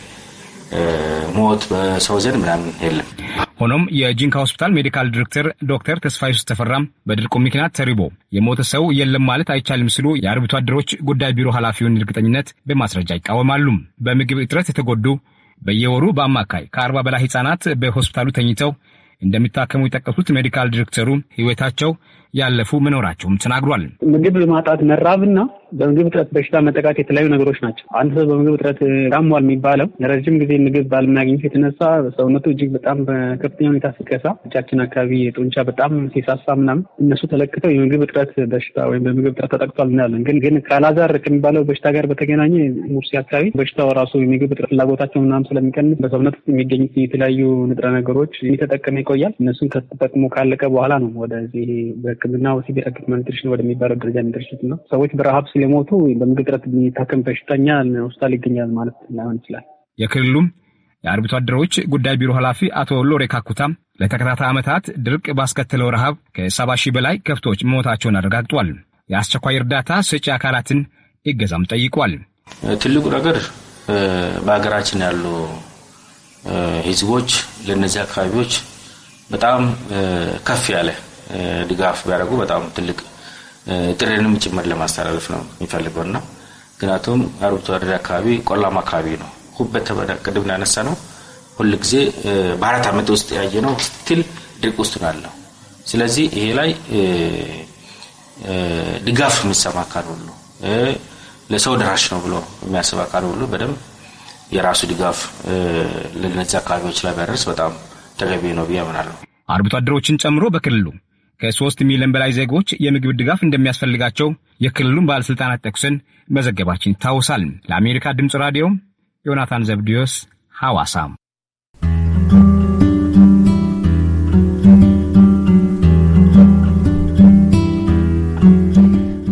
ሞት በሰው ዘንድ ምናምን የለም። ሆኖም የጂንካ ሆስፒታል ሜዲካል ዲሬክተር ዶክተር ተስፋ ሱስ ተፈራም በድርቁ ምክንያት ተርቦ የሞተ ሰው የለም ማለት አይቻልም ሲሉ የአርብቶ አደሮች ጉዳይ ቢሮ ኃላፊውን እርግጠኝነት በማስረጃ ይቃወማሉ። በምግብ እጥረት የተጎዱ በየወሩ በአማካይ ከአርባ በላይ ህጻናት በሆስፒታሉ ተኝተው እንደሚታከሙ የጠቀሱት ሜዲካል ዲሬክተሩ ህይወታቸው ያለፉ መኖራቸውም ተናግሯል። ምግብ ማጣት መራብና በምግብ እጥረት በሽታ መጠቃት የተለያዩ ነገሮች ናቸው። አንድ ሰው በምግብ እጥረት ታሟል የሚባለው ለረዥም ጊዜ ምግብ ባለማግኘት የተነሳ ሰውነቱ እጅግ በጣም በከፍተኛ ሁኔታ ሲከሳ፣ እጃችን አካባቢ የጡንቻ በጣም ሲሳሳ ምናምን እነሱ ተለክተው የምግብ እጥረት በሽታ ወይም በምግብ እጥረት ተጠቅቷል እናያለን። ግን ግን ካላዛር ከሚባለው በሽታ ጋር በተገናኘ ሙርሲ አካባቢ በሽታው ራሱ የምግብ እጥረት ፍላጎታቸው ምናምን ስለሚቀንስ በሰውነት የሚገኙት የተለያዩ ንጥረ ነገሮች የሚተጠቀመ ይቆያል። እነሱን ከተጠቅሞ ካለቀ በኋላ ነው ወደዚህ በሕክምና ሲቤ ሪትሪሽን ወደሚባለው ደረጃ የሚደርሱት ነው ሰዎች በረሀብ ስለሞቱ በምግብ እጥረት የሚታከም በሽተኛ ሆስፒታል ይገኛል ማለት ላይሆን ይችላል። የክልሉም የአርብቶ አደሮች ጉዳይ ቢሮ ኃላፊ አቶ ሎሬ ካኩታ ለተከታታይ ዓመታት ድርቅ ባስከተለው ረሃብ ከሰባ ሺህ በላይ ከብቶች መሞታቸውን አረጋግጧል። የአስቸኳይ እርዳታ ሰጪ አካላትን ይገዛም ጠይቋል። ትልቁ ነገር በሀገራችን ያሉ ህዝቦች ለእነዚህ አካባቢዎች በጣም ከፍ ያለ ድጋፍ ቢያደርጉ በጣም ትልቅ ጥሬንም ጭምር ለማስተላለፍ ነው የሚፈልገው ና ምክንያቱም አርብቶ አደር አካባቢ ቆላማ አካባቢ ነው። ሁበት ቅድም ያነሳ ነው ሁል ጊዜ በአራት ዓመት ውስጥ ያየ ነው ስትል ድርቅ ውስጥ ናለው። ስለዚህ ይሄ ላይ ድጋፍ የሚሰማ አካል ሁሉ ለሰው ደራሽ ነው ብሎ የሚያስብ አካል ሁሉ በደንብ የራሱ ድጋፍ ለነዚህ አካባቢዎች ላይ ቢያደርስ በጣም ተገቢ ነው ብዬ አምናለሁ። አርብቶ አደሮችን ጨምሮ በክልሉ ከሶስት ሚሊዮን በላይ ዜጎች የምግብ ድጋፍ እንደሚያስፈልጋቸው የክልሉን ባለሥልጣናት ጠቅሰን መዘገባችን ይታወሳል። ለአሜሪካ ድምፅ ራዲዮ ዮናታን ዘብዲዮስ ሐዋሳም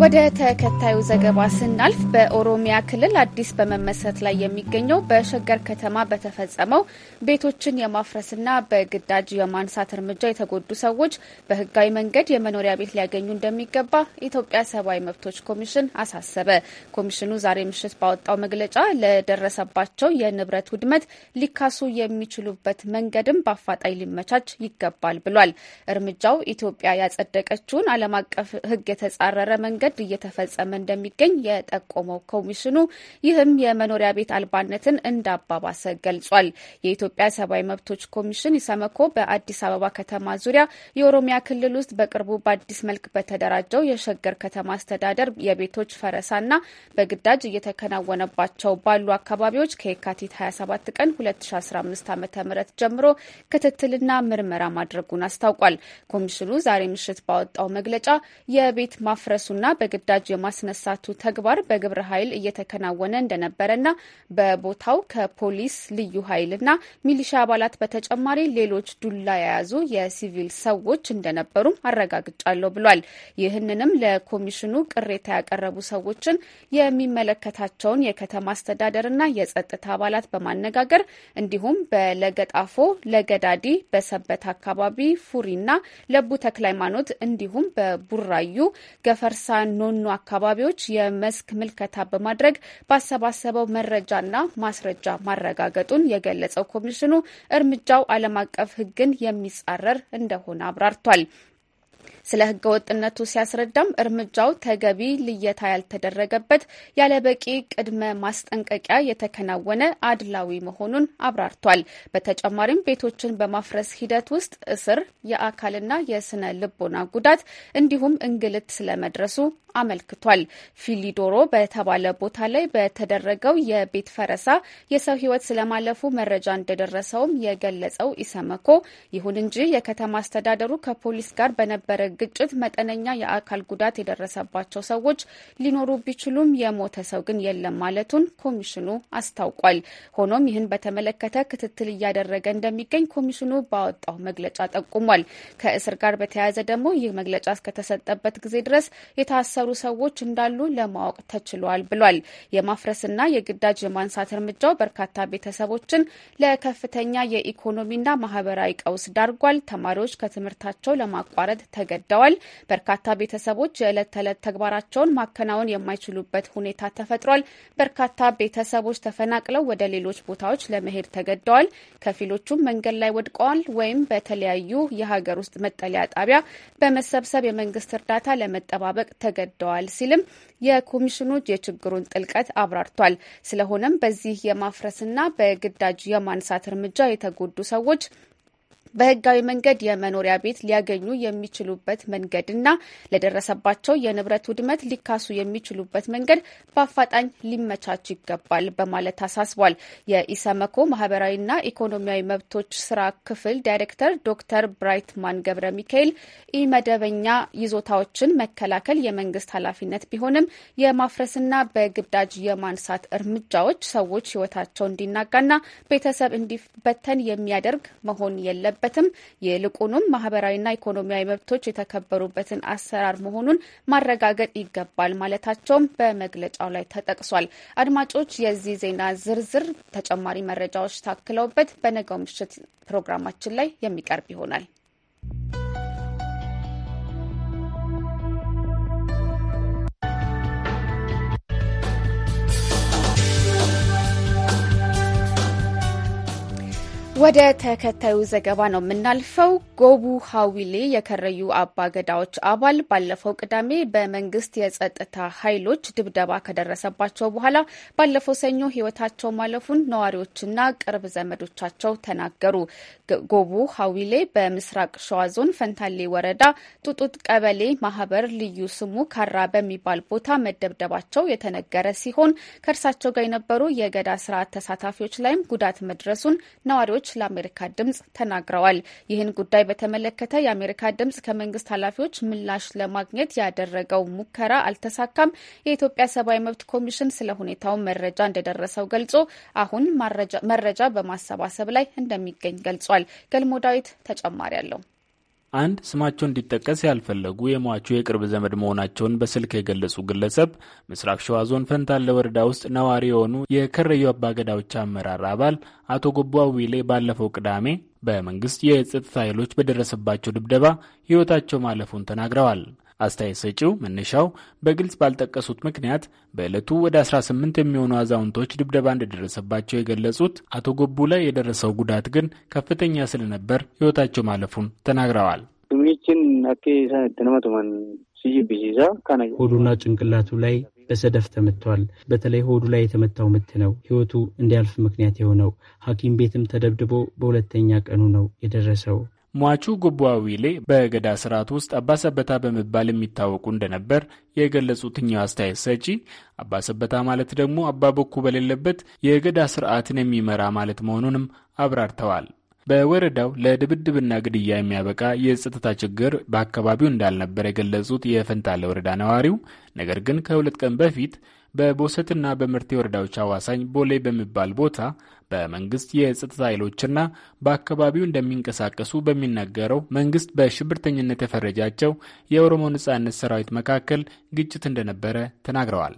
ወደ ተከታዩ ዘገባ ስናልፍ በኦሮሚያ ክልል አዲስ በመመሰረት ላይ የሚገኘው በሸገር ከተማ በተፈጸመው ቤቶችን የማፍረስና በግዳጅ የማንሳት እርምጃ የተጎዱ ሰዎች በሕጋዊ መንገድ የመኖሪያ ቤት ሊያገኙ እንደሚገባ የኢትዮጵያ ሰብአዊ መብቶች ኮሚሽን አሳሰበ። ኮሚሽኑ ዛሬ ምሽት ባወጣው መግለጫ ለደረሰባቸው የንብረት ውድመት ሊካሱ የሚችሉበት መንገድም በአፋጣኝ ሊመቻች ይገባል ብሏል። እርምጃው ኢትዮጵያ ያጸደቀችውን ዓለም አቀፍ ሕግ የተጻረረ መንገድ ፍርድ እየተፈጸመ እንደሚገኝ የጠቆመው ኮሚሽኑ ይህም የመኖሪያ ቤት አልባነትን እንዳባባሰ ገልጿል። የኢትዮጵያ ሰብአዊ መብቶች ኮሚሽን ኢሰመኮ በአዲስ አበባ ከተማ ዙሪያ የኦሮሚያ ክልል ውስጥ በቅርቡ በአዲስ መልክ በተደራጀው የሸገር ከተማ አስተዳደር የቤቶች ፈረሳና በግዳጅ እየተከናወነባቸው ባሉ አካባቢዎች ከየካቲት 27 ቀን 2015 ዓ ም ጀምሮ ክትትልና ምርመራ ማድረጉን አስታውቋል። ኮሚሽኑ ዛሬ ምሽት ባወጣው መግለጫ የቤት ማፍረሱና በ በግዳጅ የማስነሳቱ ተግባር በግብረ ኃይል እየተከናወነ እንደነበረና በቦታው ከፖሊስ ልዩ ኃይልና ሚሊሻ አባላት በተጨማሪ ሌሎች ዱላ የያዙ የሲቪል ሰዎች እንደነበሩም አረጋግጫለሁ ብሏል። ይህንንም ለኮሚሽኑ ቅሬታ ያቀረቡ ሰዎችን የሚመለከታቸውን የከተማ አስተዳደርና የጸጥታ አባላት በማነጋገር እንዲሁም በለገጣፎ፣ ለገዳዲ፣ በሰበት አካባቢ ፉሪና ለቡ ተክለ ሃይማኖት እንዲሁም በቡራዩ ገፈርሳ ኖኖ አካባቢዎች የመስክ ምልከታ በማድረግ ባሰባሰበው መረጃና ማስረጃ ማረጋገጡን የገለጸው ኮሚሽኑ እርምጃው ዓለም አቀፍ ሕግን የሚጻረር እንደሆነ አብራርቷል። ስለ ህገ ወጥነቱ ሲያስረዳም እርምጃው ተገቢ ልየታ ያልተደረገበት ያለበቂ ቅድመ ማስጠንቀቂያ የተከናወነ አድላዊ መሆኑን አብራርቷል። በተጨማሪም ቤቶችን በማፍረስ ሂደት ውስጥ እስር፣ የአካልና የስነ ልቦና ጉዳት እንዲሁም እንግልት ስለመድረሱ አመልክቷል። ፊሊዶሮ በተባለ ቦታ ላይ በተደረገው የቤት ፈረሳ የሰው ህይወት ስለማለፉ መረጃ እንደደረሰውም የገለጸው ኢሰመኮ ይሁን እንጂ የከተማ አስተዳደሩ ከፖሊስ ጋር በነበረ ግጭት መጠነኛ የአካል ጉዳት የደረሰባቸው ሰዎች ሊኖሩ ቢችሉም የሞተ ሰው ግን የለም ማለቱን ኮሚሽኑ አስታውቋል። ሆኖም ይህን በተመለከተ ክትትል እያደረገ እንደሚገኝ ኮሚሽኑ ባወጣው መግለጫ ጠቁሟል። ከእስር ጋር በተያያዘ ደግሞ ይህ መግለጫ እስከተሰጠበት ጊዜ ድረስ የታሰሩ ሰዎች እንዳሉ ለማወቅ ተችሏል ብሏል። የማፍረስና የግዳጅ የማንሳት እርምጃው በርካታ ቤተሰቦችን ለከፍተኛ የኢኮኖሚና ማህበራዊ ቀውስ ዳርጓል። ተማሪዎች ከትምህርታቸው ለማቋረጥ ተገድ ተሰደዋል። በርካታ ቤተሰቦች የዕለት ተዕለት ተግባራቸውን ማከናወን የማይችሉበት ሁኔታ ተፈጥሯል። በርካታ ቤተሰቦች ተፈናቅለው ወደ ሌሎች ቦታዎች ለመሄድ ተገደዋል። ከፊሎቹም መንገድ ላይ ወድቀዋል ወይም በተለያዩ የሀገር ውስጥ መጠለያ ጣቢያ በመሰብሰብ የመንግስት እርዳታ ለመጠባበቅ ተገደዋል ሲልም የኮሚሽኑ የችግሩን ጥልቀት አብራርቷል። ስለሆነም በዚህ የማፍረስና በግዳጅ የማንሳት እርምጃ የተጎዱ ሰዎች በህጋዊ መንገድ የመኖሪያ ቤት ሊያገኙ የሚችሉበት መንገድና ለደረሰባቸው የንብረት ውድመት ሊካሱ የሚችሉበት መንገድ በአፋጣኝ ሊመቻች ይገባል በማለት አሳስቧል። የኢሰመኮ ማህበራዊና ኢኮኖሚያዊ መብቶች ስራ ክፍል ዳይሬክተር ዶክተር ብራይትማን ገብረ ሚካኤል ኢመደበኛ ይዞታዎችን መከላከል የመንግስት ኃላፊነት ቢሆንም የማፍረስና በግዳጅ የማንሳት እርምጃዎች ሰዎች ህይወታቸው እንዲናጋና ቤተሰብ እንዲበተን የሚያደርግ መሆን የለበት የለበትም፣ ይልቁንም ማህበራዊና ኢኮኖሚያዊ መብቶች የተከበሩበትን አሰራር መሆኑን ማረጋገጥ ይገባል ማለታቸውም በመግለጫው ላይ ተጠቅሷል። አድማጮች፣ የዚህ ዜና ዝርዝር ተጨማሪ መረጃዎች ታክለውበት በነገው ምሽት ፕሮግራማችን ላይ የሚቀርብ ይሆናል። ወደ ተከታዩ ዘገባ ነው የምናልፈው። ጎቡ ሀዊሌ የከረዩ አባ ገዳዎች አባል ባለፈው ቅዳሜ በመንግስት የጸጥታ ኃይሎች ድብደባ ከደረሰባቸው በኋላ ባለፈው ሰኞ ሕይወታቸው ማለፉን ነዋሪዎችና ቅርብ ዘመዶቻቸው ተናገሩ። ጎቡ ሀዊሌ በምስራቅ ሸዋ ዞን ፈንታሌ ወረዳ ጡጡት ቀበሌ ማህበር ልዩ ስሙ ካራ በሚባል ቦታ መደብደባቸው የተነገረ ሲሆን ከእርሳቸው ጋር የነበሩ የገዳ ስርዓት ተሳታፊዎች ላይም ጉዳት መድረሱን ነዋሪዎች ኃላፊዎች ለአሜሪካ ድምጽ ተናግረዋል። ይህን ጉዳይ በተመለከተ የአሜሪካ ድምጽ ከመንግስት ኃላፊዎች ምላሽ ለማግኘት ያደረገው ሙከራ አልተሳካም። የኢትዮጵያ ሰብአዊ መብት ኮሚሽን ስለ ሁኔታው መረጃ እንደደረሰው ገልጾ አሁን መረጃ በማሰባሰብ ላይ እንደሚገኝ ገልጿል። ገልሞ ዳዊት ተጨማሪ አለው። አንድ ስማቸው እንዲጠቀስ ያልፈለጉ የሟቹ የቅርብ ዘመድ መሆናቸውን በስልክ የገለጹ ግለሰብ ምስራቅ ሸዋ ዞን ፈንታለ ወረዳ ውስጥ ነዋሪ የሆኑ የከረዩ አባገዳዎች አመራር አባል አቶ ጎቦ አዊሌ ባለፈው ቅዳሜ በመንግስት የጸጥታ ኃይሎች በደረሰባቸው ድብደባ ሕይወታቸው ማለፉን ተናግረዋል። አስተያየት ሰጪው መነሻው በግልጽ ባልጠቀሱት ምክንያት በዕለቱ ወደ 18 የሚሆኑ አዛውንቶች ድብደባ እንደደረሰባቸው የገለጹት አቶ ጎቡ ላይ የደረሰው ጉዳት ግን ከፍተኛ ስለነበር ሕይወታቸው ማለፉን ተናግረዋል። ሆዱና ጭንቅላቱ ላይ በሰደፍ ተመትቷል። በተለይ ሆዱ ላይ የተመታው ምት ነው ህይወቱ እንዲያልፍ ምክንያት የሆነው። ሐኪም ቤትም ተደብድቦ በሁለተኛ ቀኑ ነው የደረሰው። ሟቹ ጎቦ አዊሌ በገዳ ስርዓት ውስጥ አባሰበታ በመባል የሚታወቁ እንደነበር የገለጹት እኛው አስተያየት ሰጪ አባሰበታ ማለት ደግሞ አባ በኩ በሌለበት የገዳ ስርዓትን የሚመራ ማለት መሆኑንም አብራርተዋል። በወረዳው ለድብድብና ግድያ የሚያበቃ የጸጥታ ችግር በአካባቢው እንዳልነበር የገለጹት የፈንታለ ወረዳ ነዋሪው፣ ነገር ግን ከሁለት ቀን በፊት በቦሰትና በምርቴ ወረዳዎች አዋሳኝ ቦሌ በሚባል ቦታ በመንግስት የጸጥታ ኃይሎችና በአካባቢው እንደሚንቀሳቀሱ በሚነገረው መንግስት በሽብርተኝነት የፈረጃቸው የኦሮሞ ነጻነት ሰራዊት መካከል ግጭት እንደነበረ ተናግረዋል።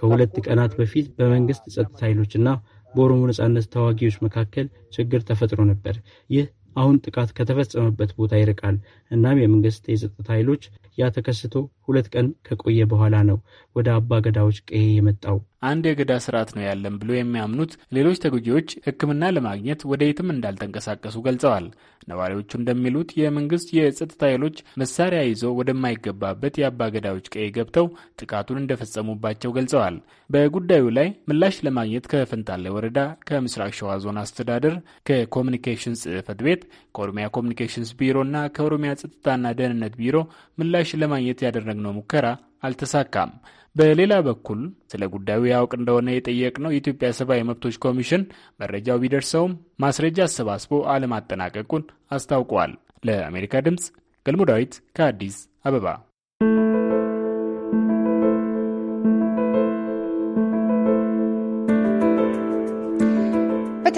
ከሁለት ቀናት በፊት በመንግስት ጸጥታ ኃይሎችና በኦሮሞ ነጻነት ተዋጊዎች መካከል ችግር ተፈጥሮ ነበር። ይህ አሁን ጥቃት ከተፈጸመበት ቦታ ይርቃል። እናም የመንግስት የጸጥታ ኃይሎች ያ ተከስቶ ሁለት ቀን ከቆየ በኋላ ነው ወደ አባ ገዳዎች ቀዬ የመጣው። አንድ የገዳ ስርዓት ነው ያለን ብሎ የሚያምኑት ሌሎች ተጎጂዎች ሕክምና ለማግኘት ወደ የትም እንዳልተንቀሳቀሱ ገልጸዋል። ነዋሪዎቹ እንደሚሉት የመንግስት የጸጥታ ኃይሎች መሳሪያ ይዘው ወደማይገባበት የአባ ገዳዮች ቀይ ገብተው ጥቃቱን እንደፈጸሙባቸው ገልጸዋል። በጉዳዩ ላይ ምላሽ ለማግኘት ከፈንታሌ ወረዳ፣ ከምስራቅ ሸዋ ዞን አስተዳደር፣ ከኮሚኒኬሽን ጽህፈት ቤት፣ ከኦሮሚያ ኮሚኒኬሽንስ ቢሮና ከኦሮሚያ ጸጥታና ደህንነት ቢሮ ምላሽ ለማግኘት ያደረግነው ሙከራ አልተሳካም። በሌላ በኩል ስለ ጉዳዩ ያውቅ እንደሆነ የጠየቅነው የኢትዮጵያ ሰብአዊ መብቶች ኮሚሽን መረጃው ቢደርሰውም ማስረጃ አሰባስቦ አለማጠናቀቁን አስታውቀዋል። ለአሜሪካ ድምፅ ገልሞ ዳዊት ከአዲስ አበባ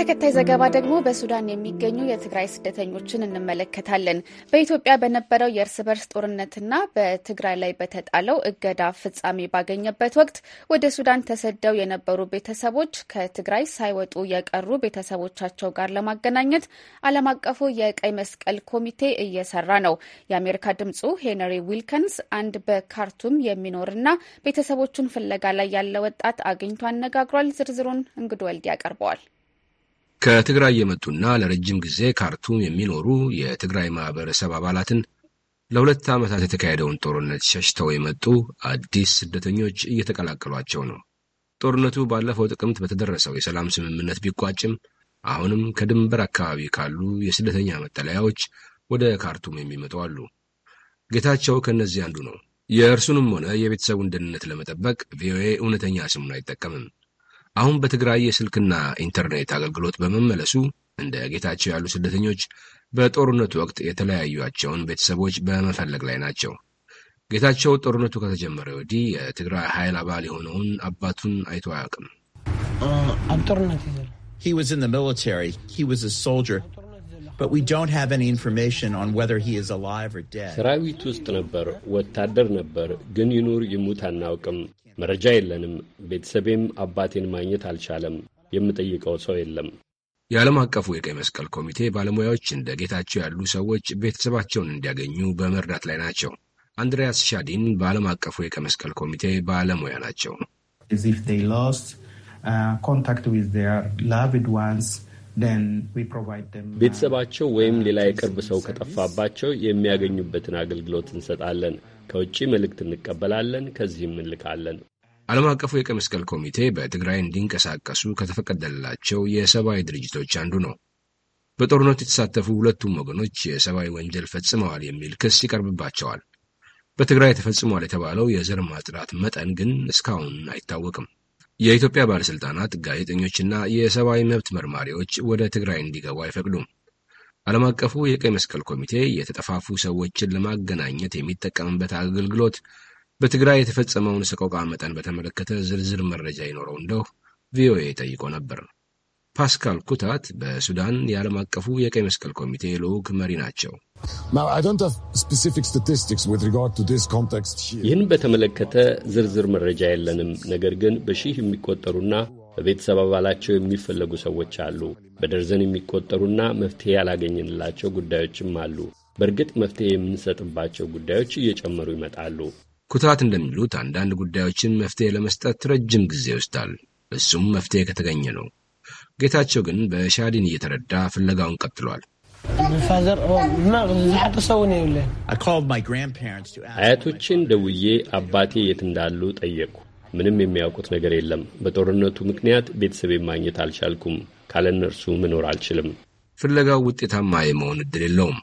ተከታይ ዘገባ ደግሞ በሱዳን የሚገኙ የትግራይ ስደተኞችን እንመለከታለን። በኢትዮጵያ በነበረው የእርስ በርስ ጦርነትና በትግራይ ላይ በተጣለው እገዳ ፍጻሜ ባገኘበት ወቅት ወደ ሱዳን ተሰደው የነበሩ ቤተሰቦች ከትግራይ ሳይወጡ የቀሩ ቤተሰቦቻቸው ጋር ለማገናኘት ዓለም አቀፉ የቀይ መስቀል ኮሚቴ እየሰራ ነው። የአሜሪካ ድምጹ ሄነሪ ዊልከንስ አንድ በካርቱም የሚኖርና ቤተሰቦቹን ፍለጋ ላይ ያለ ወጣት አግኝቶ አነጋግሯል። ዝርዝሩን እንግድ ወልድ ያቀርበዋል። ከትግራይ የመጡና ለረጅም ጊዜ ካርቱም የሚኖሩ የትግራይ ማህበረሰብ አባላትን ለሁለት ዓመታት የተካሄደውን ጦርነት ሸሽተው የመጡ አዲስ ስደተኞች እየተቀላቀሏቸው ነው። ጦርነቱ ባለፈው ጥቅምት በተደረሰው የሰላም ስምምነት ቢቋጭም አሁንም ከድንበር አካባቢ ካሉ የስደተኛ መጠለያዎች ወደ ካርቱም የሚመጡ አሉ። ጌታቸው ከእነዚህ አንዱ ነው። የእርሱንም ሆነ የቤተሰቡን ደህንነት ለመጠበቅ ቪኦኤ እውነተኛ ስሙን አይጠቀምም። አሁን በትግራይ የስልክና ኢንተርኔት አገልግሎት በመመለሱ እንደ ጌታቸው ያሉ ስደተኞች በጦርነቱ ወቅት የተለያዩቸውን ቤተሰቦች በመፈለግ ላይ ናቸው። ጌታቸው ጦርነቱ ከተጀመረ ወዲህ የትግራይ ኃይል አባል የሆነውን አባቱን አይቶ አያውቅም። ኣብ ጦርነት ዘሎ He was in the military. He was a soldier. But we don't have any information on whether he is alive or dead. ሰራዊት ውስጥ ነበር፣ ወታደር ነበር፣ ግን ይኑር ይሙት አናውቅም። መረጃ የለንም። ቤተሰቤም አባቴን ማግኘት አልቻለም። የምጠይቀው ሰው የለም። የዓለም አቀፉ የቀይ መስቀል ኮሚቴ ባለሙያዎች እንደ ጌታቸው ያሉ ሰዎች ቤተሰባቸውን እንዲያገኙ በመርዳት ላይ ናቸው። አንድሪያስ ሻዲን በዓለም አቀፉ የቀይ መስቀል ኮሚቴ ባለሙያ ናቸው። uh, uh, ቤተሰባቸው ወይም ሌላ የቅርብ ሰው ከጠፋባቸው የሚያገኙበትን አገልግሎት እንሰጣለን። ከውጭ መልእክት እንቀበላለን፣ ከዚህም እንልካለን። ዓለም አቀፉ የቀይ መስቀል ኮሚቴ በትግራይ እንዲንቀሳቀሱ ከተፈቀደላቸው የሰብአዊ ድርጅቶች አንዱ ነው። በጦርነቱ የተሳተፉ ሁለቱም ወገኖች የሰብአዊ ወንጀል ፈጽመዋል የሚል ክስ ይቀርብባቸዋል። በትግራይ ተፈጽሟል የተባለው የዘር ማጥራት መጠን ግን እስካሁን አይታወቅም። የኢትዮጵያ ባለሥልጣናት ጋዜጠኞችና የሰብአዊ መብት መርማሪዎች ወደ ትግራይ እንዲገቡ አይፈቅዱም። ዓለም አቀፉ የቀይ መስቀል ኮሚቴ የተጠፋፉ ሰዎችን ለማገናኘት የሚጠቀምበት አገልግሎት በትግራይ የተፈጸመውን ሰቆቃ መጠን በተመለከተ ዝርዝር መረጃ ይኖረው እንደው ቪኦኤ ጠይቆ ነበር። ፓስካል ኩታት በሱዳን የዓለም አቀፉ የቀይ መስቀል ኮሚቴ ልዑክ መሪ ናቸው። ይህን በተመለከተ ዝርዝር መረጃ የለንም፣ ነገር ግን በሺህ የሚቆጠሩና በቤተሰብ አባላቸው የሚፈለጉ ሰዎች አሉ። በደርዘን የሚቆጠሩና መፍትሄ ያላገኝንላቸው ጉዳዮችም አሉ። በእርግጥ መፍትሄ የምንሰጥባቸው ጉዳዮች እየጨመሩ ይመጣሉ። ኩታት እንደሚሉት አንዳንድ ጉዳዮችን መፍትሄ ለመስጠት ረጅም ጊዜ ይወስዳል። እሱም መፍትሄ ከተገኘ ነው። ጌታቸው ግን በሻዲን እየተረዳ ፍለጋውን ቀጥሏል። አያቶችን ደውዬ አባቴ የት እንዳሉ ጠየቅኩ። ምንም የሚያውቁት ነገር የለም። በጦርነቱ ምክንያት ቤተሰቤ ማግኘት አልቻልኩም። ካለ እነርሱ መኖር አልችልም። ፍለጋው ውጤታማ የመሆን እድል የለውም።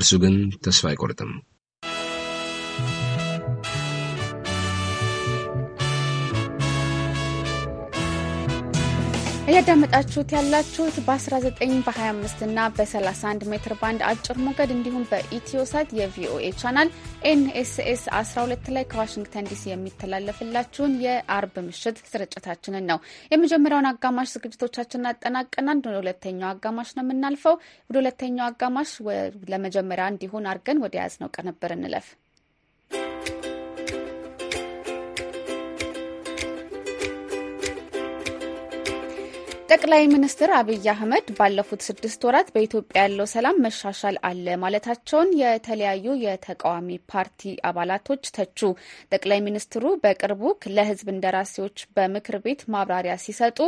እርሱ ግን ተስፋ አይቆርጥም። እያዳመጣችሁት ያላችሁት በ19 በ25 እና በ31 ሜትር ባንድ አጭር ሞገድ እንዲሁም በኢትዮሳት የቪኦኤ ቻናል ኤንኤስኤስ 12 ላይ ከዋሽንግተን ዲሲ የሚተላለፍላችሁን የአርብ ምሽት ስርጭታችንን ነው። የመጀመሪያውን አጋማሽ ዝግጅቶቻችንን አጠናቀናል። ወደ ሁለተኛው አጋማሽ ነው የምናልፈው። ወደ ሁለተኛው አጋማሽ ለመጀመሪያ እንዲሆን አድርገን ወደ ያዝነው ቀነበር እንለፍ። ጠቅላይ ሚኒስትር አብይ አህመድ ባለፉት ስድስት ወራት በኢትዮጵያ ያለው ሰላም መሻሻል አለ ማለታቸውን የተለያዩ የተቃዋሚ ፓርቲ አባላቶች ተቹ። ጠቅላይ ሚኒስትሩ በቅርቡ ለሕዝብ እንደራሴዎች በምክር ቤት ማብራሪያ ሲሰጡ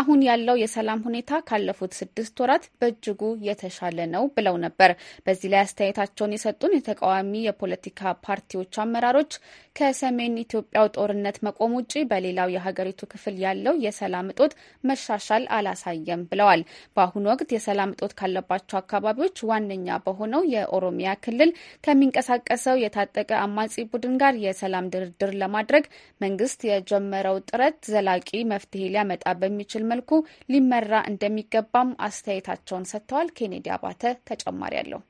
አሁን ያለው የሰላም ሁኔታ ካለፉት ስድስት ወራት በእጅጉ የተሻለ ነው ብለው ነበር። በዚህ ላይ አስተያየታቸውን የሰጡን የተቃዋሚ የፖለቲካ ፓርቲዎች አመራሮች ከሰሜን ኢትዮጵያው ጦርነት መቆም ውጪ በሌላው የሀገሪቱ ክፍል ያለው የሰላም እጦት መሻሻል አላሳየም ብለዋል። በአሁኑ ወቅት የሰላም እጦት ካለባቸው አካባቢዎች ዋነኛ በሆነው የኦሮሚያ ክልል ከሚንቀሳቀሰው የታጠቀ አማጺ ቡድን ጋር የሰላም ድርድር ለማድረግ መንግስት የጀመረው ጥረት ዘላቂ መፍትሄ ሊያመጣ በሚችል መልኩ ሊመራ እንደሚገባም አስተያየታቸውን ሰጥተዋል። ኬኔዲ አባተ ተጨማሪ አለው።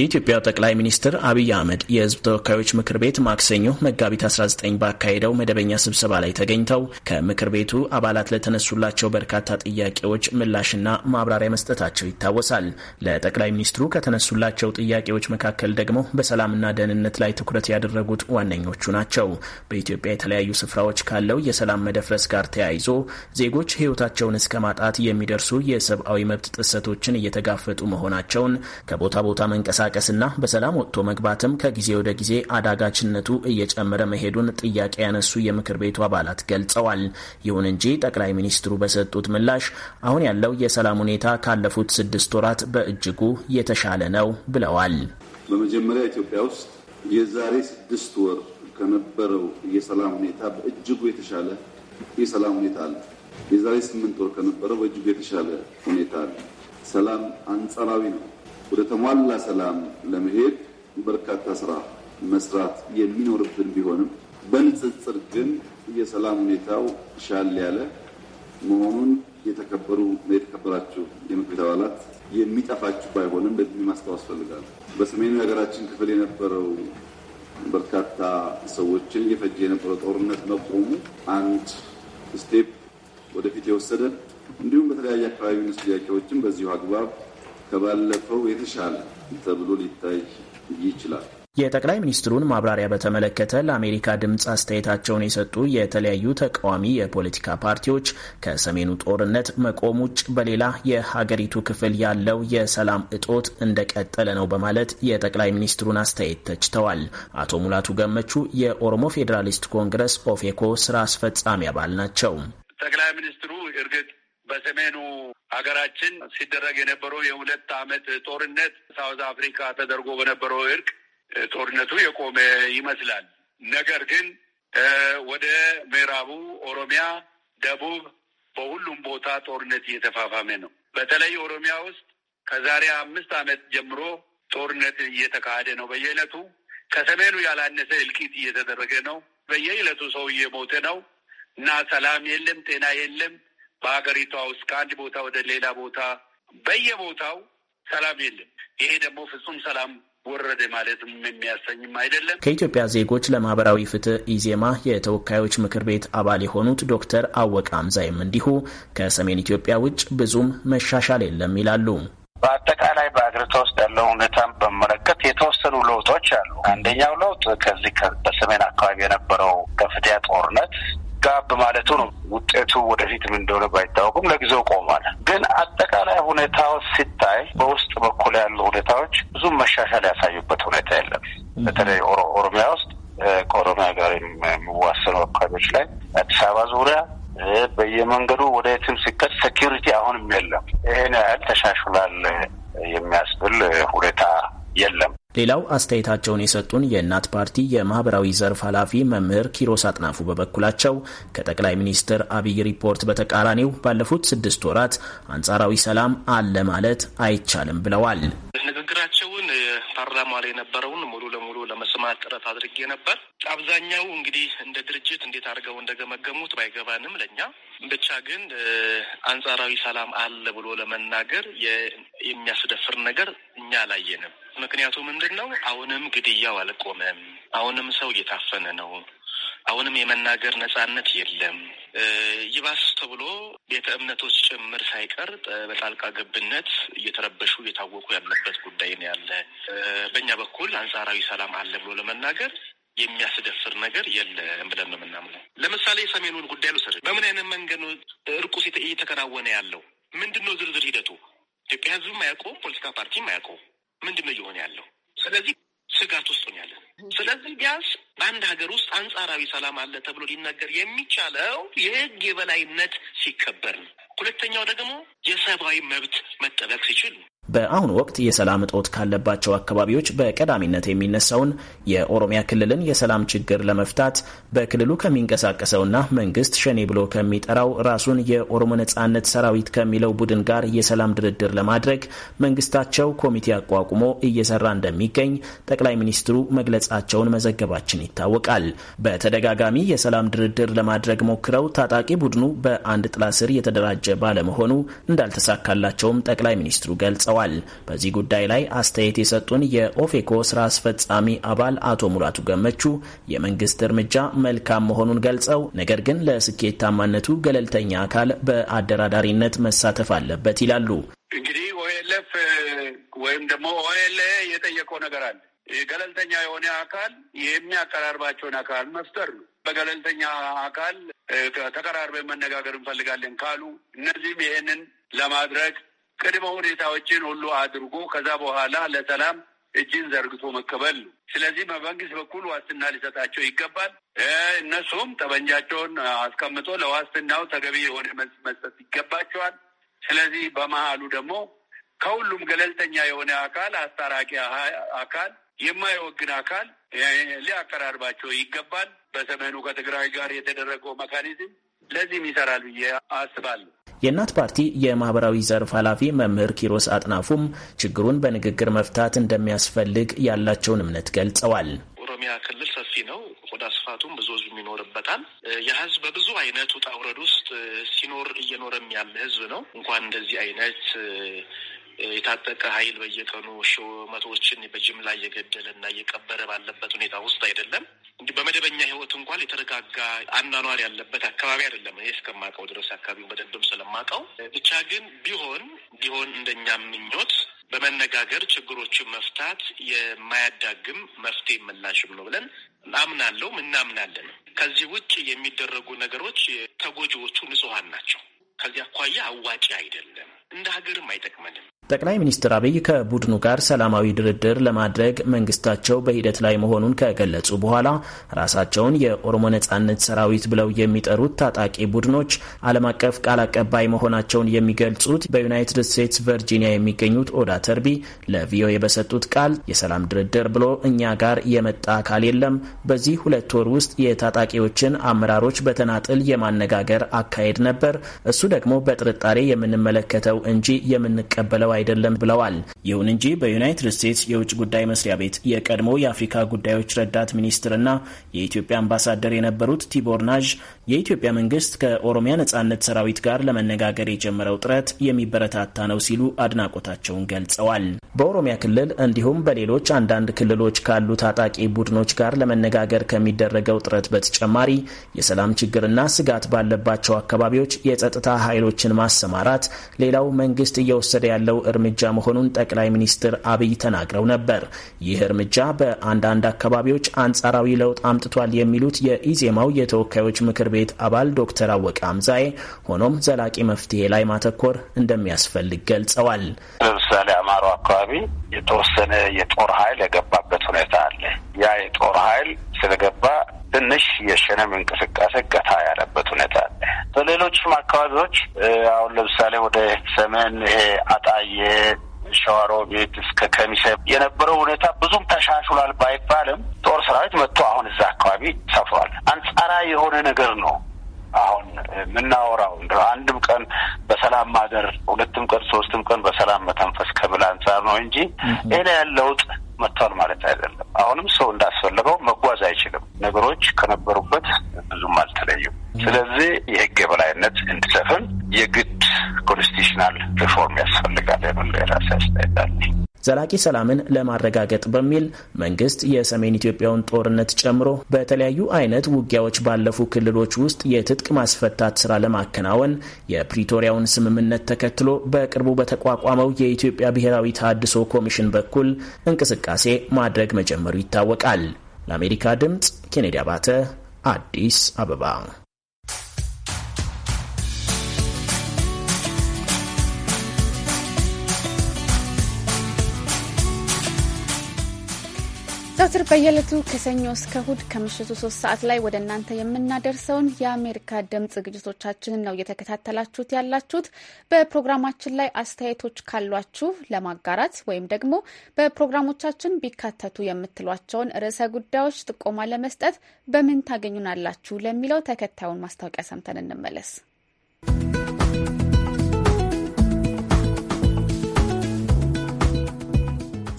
የኢትዮጵያ ጠቅላይ ሚኒስትር አብይ አህመድ የህዝብ ተወካዮች ምክር ቤት ማክሰኞ መጋቢት 19 ባካሄደው መደበኛ ስብሰባ ላይ ተገኝተው ከምክር ቤቱ አባላት ለተነሱላቸው በርካታ ጥያቄዎች ምላሽና ማብራሪያ መስጠታቸው ይታወሳል። ለጠቅላይ ሚኒስትሩ ከተነሱላቸው ጥያቄዎች መካከል ደግሞ በሰላምና ደህንነት ላይ ትኩረት ያደረጉት ዋነኞቹ ናቸው። በኢትዮጵያ የተለያዩ ስፍራዎች ካለው የሰላም መደፍረስ ጋር ተያይዞ ዜጎች ህይወታቸውን እስከ ማጣት የሚደርሱ የሰብአዊ መብት ጥሰቶችን እየተጋፈጡ መሆናቸውን ከቦታ ቦታ መንቀሳ መንቀሳቀስና በሰላም ወጥቶ መግባትም ከጊዜ ወደ ጊዜ አዳጋችነቱ እየጨመረ መሄዱን ጥያቄ ያነሱ የምክር ቤቱ አባላት ገልጸዋል። ይሁን እንጂ ጠቅላይ ሚኒስትሩ በሰጡት ምላሽ አሁን ያለው የሰላም ሁኔታ ካለፉት ስድስት ወራት በእጅጉ የተሻለ ነው ብለዋል። በመጀመሪያ ኢትዮጵያ ውስጥ የዛሬ ስድስት ወር ከነበረው የሰላም ሁኔታ በእጅጉ የተሻለ የሰላም ሁኔታ አለ። የዛሬ ስምንት ወር ከነበረው በእጅጉ የተሻለ ሁኔታ አለ። ሰላም አንጸራዊ ነው። ወደ ተሟላ ሰላም ለመሄድ በርካታ ስራ መስራት የሚኖርብን ቢሆንም በንጽጽር ግን የሰላም ሁኔታው ሻል ያለ መሆኑን የተከበሩ የተከበራችሁ የምክር ቤት አባላት የሚጠፋችሁ ባይሆንም በድሚ ማስታወስ ፈልጋለሁ። በሰሜኑ የሀገራችን ክፍል የነበረው በርካታ ሰዎችን እየፈጀ የነበረው ጦርነት መቆሙ አንድ ስቴፕ ወደፊት የወሰደ እንዲሁም በተለያየ አካባቢ ጥያቄዎችን በዚሁ አግባብ ከባለፈው የተሻለ ተብሎ ሊታይ ይችላል። የጠቅላይ ሚኒስትሩን ማብራሪያ በተመለከተ ለአሜሪካ ድምፅ አስተያየታቸውን የሰጡ የተለያዩ ተቃዋሚ የፖለቲካ ፓርቲዎች ከሰሜኑ ጦርነት መቆም ውጭ በሌላ የሀገሪቱ ክፍል ያለው የሰላም እጦት እንደቀጠለ ነው በማለት የጠቅላይ ሚኒስትሩን አስተያየት ተችተዋል። አቶ ሙላቱ ገመቹ የኦሮሞ ፌዴራሊስት ኮንግረስ ኦፌኮ ስራ አስፈጻሚ አባል ናቸው። ጠቅላይ ሚኒስትሩ እርግጥ በሰሜኑ ሀገራችን ሲደረግ የነበረው የሁለት ዓመት ጦርነት ሳውዝ አፍሪካ ተደርጎ በነበረው እርቅ ጦርነቱ የቆመ ይመስላል። ነገር ግን ወደ ምዕራቡ ኦሮሚያ፣ ደቡብ በሁሉም ቦታ ጦርነት እየተፋፋመ ነው። በተለይ ኦሮሚያ ውስጥ ከዛሬ አምስት ዓመት ጀምሮ ጦርነት እየተካሄደ ነው። በየዕለቱ ከሰሜኑ ያላነሰ እልቂት እየተደረገ ነው። በየዕለቱ ሰው እየሞተ ነው እና ሰላም የለም፣ ጤና የለም። በሀገሪቷ ውስጥ ከአንድ ቦታ ወደ ሌላ ቦታ በየቦታው ሰላም የለም። ይሄ ደግሞ ፍጹም ሰላም ወረደ ማለትም የሚያሰኝም አይደለም። ከኢትዮጵያ ዜጎች ለማህበራዊ ፍትህ ኢዜማ የተወካዮች ምክር ቤት አባል የሆኑት ዶክተር አወቀ አምዛይም እንዲሁ ከሰሜን ኢትዮጵያ ውጭ ብዙም መሻሻል የለም ይላሉ። በአጠቃላይ በአገሪቷ ውስጥ ያለው ሁኔታን በመለከት የተወሰኑ ለውጦች አሉ። አንደኛው ለውጥ ከዚህ በሰሜን አካባቢ የነበረው ከፍትያ ጦርነት ጋብ ማለቱ ነው። ውጤቱ ምን እንደሆነ ባይታወቁም ለጊዜው ቆሟል። ግን አጠቃላይ ሁኔታው ሲታይ በውስጥ በኩል ያሉ ሁኔታዎች ብዙም መሻሻል ያሳዩበት ሁኔታ የለም። በተለይ ኦሮሚያ ውስጥ ከኦሮሚያ ጋር የሚዋሰኑ አካባቢዎች ላይ አዲስ አበባ ዙሪያ በየመንገዱ ወደ የትም ሲከት ሴኪሪቲ አሁንም የለም። ይሄን ያህል ተሻሽሏል የሚያስብል ሁኔታ የለም። ሌላው አስተያየታቸውን የሰጡን የእናት ፓርቲ የማህበራዊ ዘርፍ ኃላፊ መምህር ኪሮስ አጥናፉ በበኩላቸው ከጠቅላይ ሚኒስትር አብይ ሪፖርት በተቃራኒው ባለፉት ስድስት ወራት አንጻራዊ ሰላም አለ ማለት አይቻልም ብለዋል። ንግግራቸውን ፓርላማ ላይ የነበረውን ሙሉ ለሙሉ ለመስማት ጥረት አድርጌ ነበር። አብዛኛው እንግዲህ እንደ ድርጅት እንዴት አድርገው እንደገመገሙት ባይገባንም ለእኛ ብቻ ግን አንጻራዊ ሰላም አለ ብሎ ለመናገር የሚያስደፍር ነገር እኛ አላየንም። ምክንያቱ ምንድን ነው? አሁንም ግድያው አልቆመም። አሁንም ሰው እየታፈነ ነው። አሁንም የመናገር ነጻነት የለም። ይባስ ተብሎ ቤተ እምነቶች ጭምር ሳይቀር በጣልቃ ገብነት እየተረበሹ እየታወቁ ያለበት ጉዳይ ነው ያለ። በእኛ በኩል አንጻራዊ ሰላም አለ ብሎ ለመናገር የሚያስደፍር ነገር የለም ብለን ነው የምናምነው። ለምሳሌ የሰሜኑን ጉዳይ ልውሰድ። በምን አይነት መንገድ ነው እርቁ እየተከናወነ ያለው? ምንድን ነው ዝርዝር ሂደቱ? ኢትዮጵያ ሕዝብም አያውቀውም፣ ፖለቲካ ፓርቲም አያውቀውም። ምንድን ነው እየሆነ ያለው? ስለዚህ ስጋት ውስጥ ነው ያለን። ስለዚህ ቢያንስ በአንድ ሀገር ውስጥ አንጻራዊ ሰላም አለ ተብሎ ሊነገር የሚቻለው የህግ የበላይነት ሲከበር ነው። ሁለተኛው ደግሞ የሰብአዊ መብት መጠበቅ ሲችል በአሁኑ ወቅት የሰላም እጦት ካለባቸው አካባቢዎች በቀዳሚነት የሚነሳውን የኦሮሚያ ክልልን የሰላም ችግር ለመፍታት በክልሉ ከሚንቀሳቀሰውና መንግስት ሸኔ ብሎ ከሚጠራው ራሱን የኦሮሞ ነጻነት ሰራዊት ከሚለው ቡድን ጋር የሰላም ድርድር ለማድረግ መንግስታቸው ኮሚቴ አቋቁሞ እየሰራ እንደሚገኝ ጠቅላይ ሚኒስትሩ መግለጻቸውን መዘገባችን ይታወቃል። በተደጋጋሚ የሰላም ድርድር ለማድረግ ሞክረው ታጣቂ ቡድኑ በአንድ ጥላ ስር የተደራጀ ባለመሆኑ እንዳልተሳካላቸውም ጠቅላይ ሚኒስትሩ ገልጸዋል። ገልጸዋል። በዚህ ጉዳይ ላይ አስተያየት የሰጡን የኦፌኮ ስራ አስፈጻሚ አባል አቶ ሙላቱ ገመቹ የመንግስት እርምጃ መልካም መሆኑን ገልጸው ነገር ግን ለስኬታማነቱ ገለልተኛ አካል በአደራዳሪነት መሳተፍ አለበት ይላሉ። እንግዲህ ኦኤልኤፍ ወይም ደግሞ ኦኤልኤ የጠየቀው ነገር አለ። ገለልተኛ የሆነ አካል የሚያቀራርባቸውን አካል መፍጠር ነው። በገለልተኛ አካል ተቀራርበን መነጋገር እንፈልጋለን ካሉ እነዚህም ይህንን ለማድረግ ቅድመ ሁኔታዎችን ሁሉ አድርጎ ከዛ በኋላ ለሰላም እጅን ዘርግቶ መቀበል ነው። ስለዚህ በመንግስት በኩል ዋስትና ሊሰጣቸው ይገባል። እነሱም ጠበንጃቸውን አስቀምጦ ለዋስትናው ተገቢ የሆነ መልስ መስጠት ይገባቸዋል። ስለዚህ በመሀሉ ደግሞ ከሁሉም ገለልተኛ የሆነ አካል፣ አስታራቂ አካል፣ የማይወግን አካል ሊያቀራርባቸው ይገባል። በሰሜኑ ከትግራይ ጋር የተደረገው መካኒዝም ለዚህም ይሰራል ብዬ አስባለሁ። የእናት ፓርቲ የማህበራዊ ዘርፍ ኃላፊ መምህር ኪሮስ አጥናፉም ችግሩን በንግግር መፍታት እንደሚያስፈልግ ያላቸውን እምነት ገልጸዋል። ኦሮሚያ ክልል ሰፊ ነው። ቆዳ ስፋቱም ብዙ ህዝብ ይኖርበታል። የህዝብ በብዙ አይነት ውጣ ውረድ ውስጥ ሲኖር እየኖረም ያለ ህዝብ ነው። እንኳን እንደዚህ አይነት የታጠቀ ኃይል በየቀኑ መቶዎችን በጅምላ እየገደለ እና እየቀበረ ባለበት ሁኔታ ውስጥ አይደለም። እንዲህ በመደበኛ ህይወት እንኳን የተረጋጋ አኗኗር ያለበት አካባቢ አይደለም። ይህ እስከማውቀው ድረስ አካባቢውን በደንብም ስለማውቀው ብቻ ግን ቢሆን ቢሆን እንደኛ ምኞት በመነጋገር ችግሮችን መፍታት የማያዳግም መፍትሄ ምላሽም ነው ብለን እናምናለሁ እናምናለን። ከዚህ ውጭ የሚደረጉ ነገሮች ተጎጂዎቹ ንጹሀን ናቸው። ከዚህ አኳያ አዋጪ አይደለም። እንደ ሀገርም አይጠቅመንም። ጠቅላይ ሚኒስትር አብይ ከቡድኑ ጋር ሰላማዊ ድርድር ለማድረግ መንግስታቸው በሂደት ላይ መሆኑን ከገለጹ በኋላ ራሳቸውን የኦሮሞ ነጻነት ሰራዊት ብለው የሚጠሩት ታጣቂ ቡድኖች ዓለም አቀፍ ቃል አቀባይ መሆናቸውን የሚገልጹት በዩናይትድ ስቴትስ ቨርጂኒያ የሚገኙት ኦዳ ተርቢ ለቪኦኤ በሰጡት ቃል የሰላም ድርድር ብሎ እኛ ጋር የመጣ አካል የለም። በዚህ ሁለት ወር ውስጥ የታጣቂዎችን አመራሮች በተናጥል የማነጋገር አካሄድ ነበር። እሱ ደግሞ በጥርጣሬ የምንመለከተው እንጂ የምንቀበለው አይደለም ብለዋል። ይሁን እንጂ በዩናይትድ ስቴትስ የውጭ ጉዳይ መስሪያ ቤት የቀድሞ የአፍሪካ ጉዳዮች ረዳት ሚኒስትርና የኢትዮጵያ አምባሳደር የነበሩት ቲቦር ናዥ የኢትዮጵያ መንግስት ከኦሮሚያ ነጻነት ሰራዊት ጋር ለመነጋገር የጀመረው ጥረት የሚበረታታ ነው ሲሉ አድናቆታቸውን ገልጸዋል። በኦሮሚያ ክልል እንዲሁም በሌሎች አንዳንድ ክልሎች ካሉ ታጣቂ ቡድኖች ጋር ለመነጋገር ከሚደረገው ጥረት በተጨማሪ የሰላም ችግርና ስጋት ባለባቸው አካባቢዎች የጸጥታ ኃይሎችን ማሰማራት ሌላው መንግስት እየወሰደ ያለው እርምጃ መሆኑን ጠቅላይ ሚኒስትር አብይ ተናግረው ነበር። ይህ እርምጃ በአንዳንድ አካባቢዎች አንጻራዊ ለውጥ አምጥቷል የሚሉት የኢዜማው የተወካዮች ምክር ቤት አባል ዶክተር አወቀ አምዛዬ፣ ሆኖም ዘላቂ መፍትሄ ላይ ማተኮር እንደሚያስፈልግ ገልጸዋል። ለምሳሌ አማሮ አካባቢ የተወሰነ የጦር ኃይል የገባበት ሁኔታ አለ። ያ የጦር ኃይል ስለገባ ትንሽ የሸነም እንቅስቃሴ ገታ ያለበት ሁኔታ አለ። በሌሎችም አካባቢዎች አሁን ለምሳሌ ወደ ሰሜን ይሄ አጣዬ ቤት እስከ ከሚሴ የነበረው ሁኔታ ብዙም ተሻሽሏል ባይባልም ጦር ሰራዊት መጥቶ አሁን እዛ አካባቢ ሰፍሯል። አንጻራዊ የሆነ ነገር ነው። አሁን የምናወራው አንድም ቀን በሰላም ማደር፣ ሁለትም ቀን ሶስትም ቀን በሰላም መተንፈስ ከብል አንጻር ነው እንጂ ይሄ ያለውጥ መጥቷል ማለት አይደለም። አሁንም ሰው እንዳስፈለገው መጓዝ አይችልም። ነገሮች ከነበሩበት ብዙም አልተለዩም። ስለዚህ የህግ የበላይነት እንዲሰፍን የግድ ኮንስቲቱሽናል ሪፎርም ያስፈልጋል። የምን ራሴ ያስታይታል ዘላቂ ሰላምን ለማረጋገጥ በሚል መንግስት የሰሜን ኢትዮጵያውን ጦርነት ጨምሮ በተለያዩ አይነት ውጊያዎች ባለፉ ክልሎች ውስጥ የትጥቅ ማስፈታት ስራ ለማከናወን የፕሪቶሪያውን ስምምነት ተከትሎ በቅርቡ በተቋቋመው የኢትዮጵያ ብሔራዊ ተሃድሶ ኮሚሽን በኩል እንቅስቃሴ ማድረግ መጀመሩ ይታወቃል። ለአሜሪካ ድምፅ ኬኔዲ አባተ አዲስ አበባ ዘወትር በየለቱ ከሰኞ እስከ እሁድ ከምሽቱ ሶስት ሰዓት ላይ ወደ እናንተ የምናደርሰውን የአሜሪካ ድምፅ ዝግጅቶቻችንን ነው እየተከታተላችሁት ያላችሁት። በፕሮግራማችን ላይ አስተያየቶች ካሏችሁ ለማጋራት ወይም ደግሞ በፕሮግራሞቻችን ቢካተቱ የምትሏቸውን ርዕሰ ጉዳዮች ጥቆማ ለመስጠት በምን ታገኙናላችሁ ለሚለው ተከታዩን ማስታወቂያ ሰምተን እንመለስ።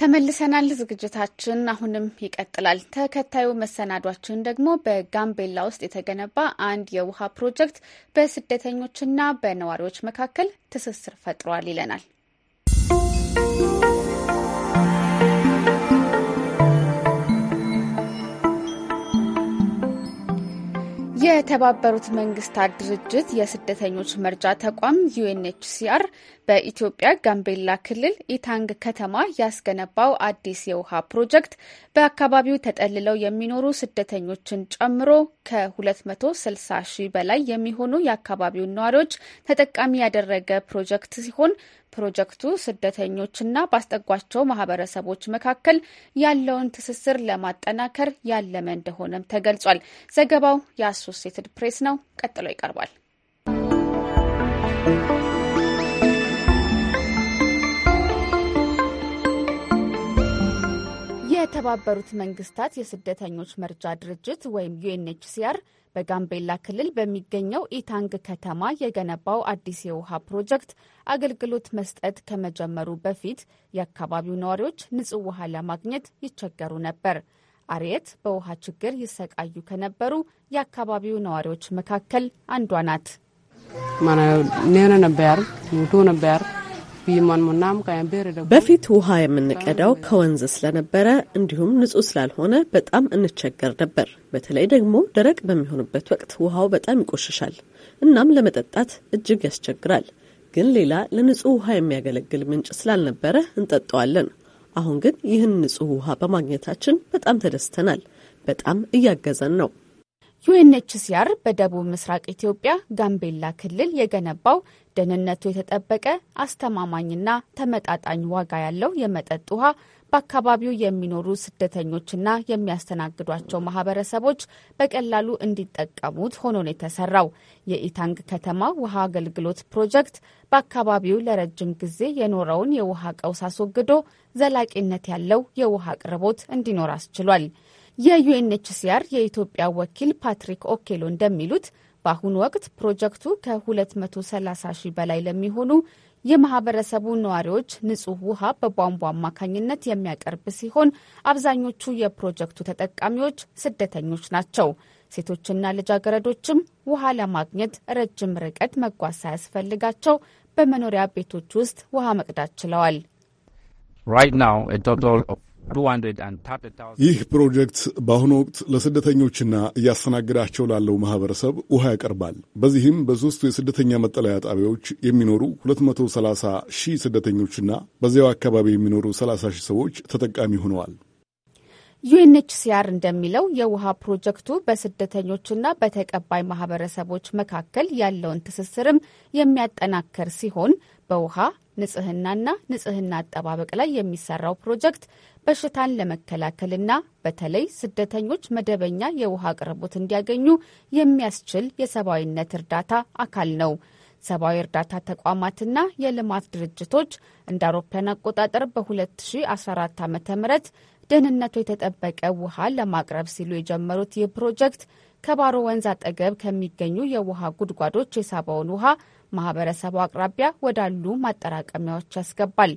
ተመልሰናል። ዝግጅታችን አሁንም ይቀጥላል። ተከታዩ መሰናዷችን ደግሞ በጋምቤላ ውስጥ የተገነባ አንድ የውሃ ፕሮጀክት በስደተኞችና በነዋሪዎች መካከል ትስስር ፈጥሯል ይለናል። የተባበሩት መንግስታት ድርጅት የስደተኞች መርጃ ተቋም ዩኤንኤችሲአር በኢትዮጵያ ጋምቤላ ክልል ኢታንግ ከተማ ያስገነባው አዲስ የውሃ ፕሮጀክት በአካባቢው ተጠልለው የሚኖሩ ስደተኞችን ጨምሮ ከ260 ሺህ በላይ የሚሆኑ የአካባቢውን ነዋሪዎች ተጠቃሚ ያደረገ ፕሮጀክት ሲሆን ፕሮጀክቱ ስደተኞችና ባስጠጓቸው ማህበረሰቦች መካከል ያለውን ትስስር ለማጠናከር ያለመ እንደሆነም ተገልጿል። ዘገባው የአሶሴትድ ፕሬስ ነው። ቀጥሎ ይቀርባል። የተባበሩት መንግስታት የስደተኞች መርጃ ድርጅት ወይም ዩኤንኤችሲአር በጋምቤላ ክልል በሚገኘው ኢታንግ ከተማ የገነባው አዲስ የውሃ ፕሮጀክት አገልግሎት መስጠት ከመጀመሩ በፊት የአካባቢው ነዋሪዎች ንጹህ ውሃ ለማግኘት ይቸገሩ ነበር። አርየት በውሃ ችግር ይሰቃዩ ከነበሩ የአካባቢው ነዋሪዎች መካከል አንዷ ናት። በፊት ውሃ የምንቀዳው ከወንዝ ስለነበረ እንዲሁም ንጹህ ስላልሆነ በጣም እንቸገር ነበር። በተለይ ደግሞ ደረቅ በሚሆንበት ወቅት ውሃው በጣም ይቆሽሻል፣ እናም ለመጠጣት እጅግ ያስቸግራል። ግን ሌላ ለንጹህ ውሃ የሚያገለግል ምንጭ ስላልነበረ እንጠጣዋለን። አሁን ግን ይህን ንጹህ ውሃ በማግኘታችን በጣም ተደስተናል። በጣም እያገዘን ነው። ዩኤንኤችሲአር በደቡብ ምስራቅ ኢትዮጵያ ጋምቤላ ክልል የገነባው ደህንነቱ የተጠበቀ አስተማማኝና ተመጣጣኝ ዋጋ ያለው የመጠጥ ውሃ በአካባቢው የሚኖሩ ስደተኞችና የሚያስተናግዷቸው ማህበረሰቦች በቀላሉ እንዲጠቀሙት ሆኖ ነው የተሰራው። የኢታንግ ከተማ ውሃ አገልግሎት ፕሮጀክት በአካባቢው ለረጅም ጊዜ የኖረውን የውሃ ቀውስ አስወግዶ ዘላቂነት ያለው የውሃ አቅርቦት እንዲኖር አስችሏል። የዩኤንኤችሲአር የኢትዮጵያ ወኪል ፓትሪክ ኦኬሎ እንደሚሉት በአሁኑ ወቅት ፕሮጀክቱ ከ230 ሺህ በላይ ለሚሆኑ የማህበረሰቡ ነዋሪዎች ንጹህ ውሃ በቧንቧ አማካኝነት የሚያቀርብ ሲሆን አብዛኞቹ የፕሮጀክቱ ተጠቃሚዎች ስደተኞች ናቸው። ሴቶችና ልጃገረዶችም ውሃ ለማግኘት ረጅም ርቀት መጓዝ ሳያስፈልጋቸው በመኖሪያ ቤቶች ውስጥ ውሃ መቅዳት ችለዋል። right now a total of ይህ ፕሮጀክት በአሁኑ ወቅት ለስደተኞችና እያስተናግዳቸው ላለው ማህበረሰብ ውሃ ያቀርባል። በዚህም በሦስቱ የስደተኛ መጠለያ ጣቢያዎች የሚኖሩ 230 ሺህ ስደተኞችና በዚያው አካባቢ የሚኖሩ 30 ሺህ ሰዎች ተጠቃሚ ሆነዋል። ዩኤንኤችሲአር እንደሚለው የውሃ ፕሮጀክቱ በስደተኞችና በተቀባይ ማህበረሰቦች መካከል ያለውን ትስስርም የሚያጠናክር ሲሆን በውሃ ንጽህናና ንጽህና አጠባበቅ ላይ የሚሰራው ፕሮጀክት በሽታን ለመከላከልና በተለይ ስደተኞች መደበኛ የውሃ አቅርቦት እንዲያገኙ የሚያስችል የሰብአዊነት እርዳታ አካል ነው። ሰብአዊ እርዳታ ተቋማትና የልማት ድርጅቶች እንደ አውሮፓውያን አቆጣጠር በ2014 ዓ ም ደህንነቱ የተጠበቀ ውሃ ለማቅረብ ሲሉ የጀመሩት ይህ ፕሮጀክት ከባሮ ወንዝ አጠገብ ከሚገኙ የውሃ ጉድጓዶች የሳባውን ውሃ ማህበረሰቡ አቅራቢያ ወዳሉ ማጠራቀሚያዎች ያስገባል።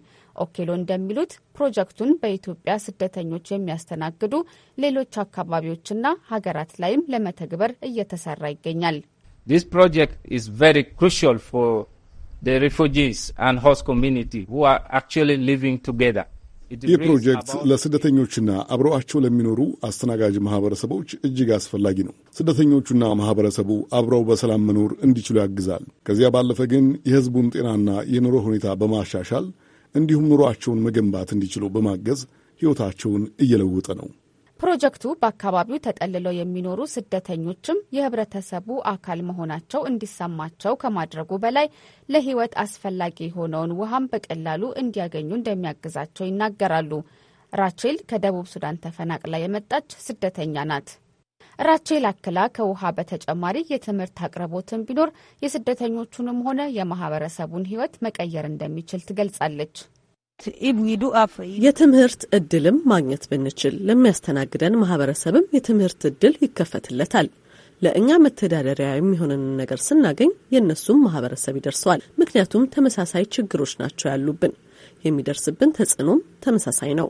ኦኬሎ እንደሚሉት ፕሮጀክቱን በኢትዮጵያ ስደተኞች የሚያስተናግዱ ሌሎች አካባቢዎችና ሀገራት ላይም ለመተግበር እየተሰራ ይገኛል። ዲስ ፕሮጀክት ኢዝ ቨሪ ክሩሻል ፎር ዘ ሪፉጂስ አንድ ሆስት ኮሚኒቲ ሁ አር አክቹዋሊ ሊቪንግ ቱጌዘር። ይህ ፕሮጀክት ለስደተኞችና አብረዋቸው ለሚኖሩ አስተናጋጅ ማህበረሰቦች እጅግ አስፈላጊ ነው። ስደተኞቹና ማህበረሰቡ አብረው በሰላም መኖር እንዲችሉ ያግዛል። ከዚያ ባለፈ ግን የሕዝቡን ጤናና የኑሮ ሁኔታ በማሻሻል እንዲሁም ኑሯቸውን መገንባት እንዲችሉ በማገዝ ሕይወታቸውን እየለወጠ ነው። ፕሮጀክቱ በአካባቢው ተጠልለው የሚኖሩ ስደተኞችም የህብረተሰቡ አካል መሆናቸው እንዲሰማቸው ከማድረጉ በላይ ለህይወት አስፈላጊ የሆነውን ውሃም በቀላሉ እንዲያገኙ እንደሚያግዛቸው ይናገራሉ። ራቼል ከደቡብ ሱዳን ተፈናቅላ የመጣች ስደተኛ ናት። ራቼል አክላ ከውሃ በተጨማሪ የትምህርት አቅርቦትን ቢኖር የስደተኞቹንም ሆነ የማህበረሰቡን ህይወት መቀየር እንደሚችል ትገልጻለች። የትምህርት እድልም ማግኘት ብንችል ለሚያስተናግደን ማህበረሰብም የትምህርት እድል ይከፈትለታል። ለእኛ መተዳደሪያ የሚሆንን ነገር ስናገኝ የእነሱም ማህበረሰብ ይደርሰዋል። ምክንያቱም ተመሳሳይ ችግሮች ናቸው ያሉብን። የሚደርስብን ተጽዕኖም ተመሳሳይ ነው።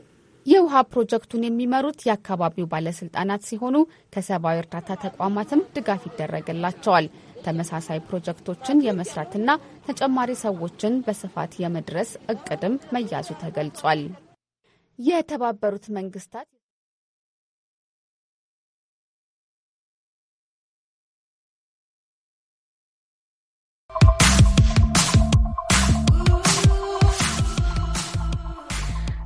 የውሃ ፕሮጀክቱን የሚመሩት የአካባቢው ባለስልጣናት ሲሆኑ ከሰብአዊ እርዳታ ተቋማትም ድጋፍ ይደረግላቸዋል። ተመሳሳይ ፕሮጀክቶችን የመስራትና ተጨማሪ ሰዎችን በስፋት የመድረስ እቅድም መያዙ ተገልጿል። የተባበሩት መንግስታት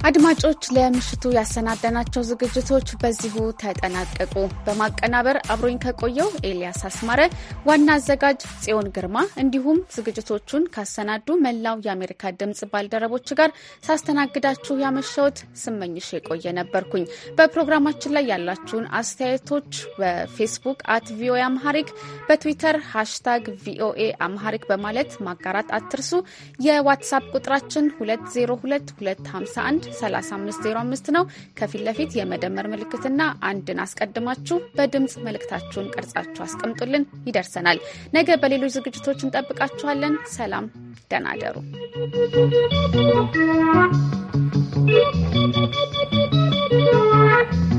አድማጮች ለምሽቱ ያሰናደናቸው ዝግጅቶች በዚሁ ተጠናቀቁ። በማቀናበር አብሮኝ ከቆየው ኤልያስ አስማረ፣ ዋና አዘጋጅ ጽዮን ግርማ እንዲሁም ዝግጅቶቹን ካሰናዱ መላው የአሜሪካ ድምፅ ባልደረቦች ጋር ሳስተናግዳችሁ ያመሸሁት ስመኝሽ የቆየ ነበርኩኝ። በፕሮግራማችን ላይ ያላችሁን አስተያየቶች በፌስቡክ አት ቪኦኤ አምሃሪክ፣ በትዊተር ሃሽታግ ቪኦኤ አምሃሪክ በማለት ማጋራት አትርሱ። የዋትሳፕ ቁጥራችን 202251 3505 ነው። ከፊት ለፊት የመደመር ምልክትና አንድን አስቀድማችሁ በድምፅ መልእክታችሁን ቀርጻችሁ አስቀምጡልን፣ ይደርሰናል። ነገ በሌሎች ዝግጅቶች እንጠብቃችኋለን። ሰላም፣ ደህና you.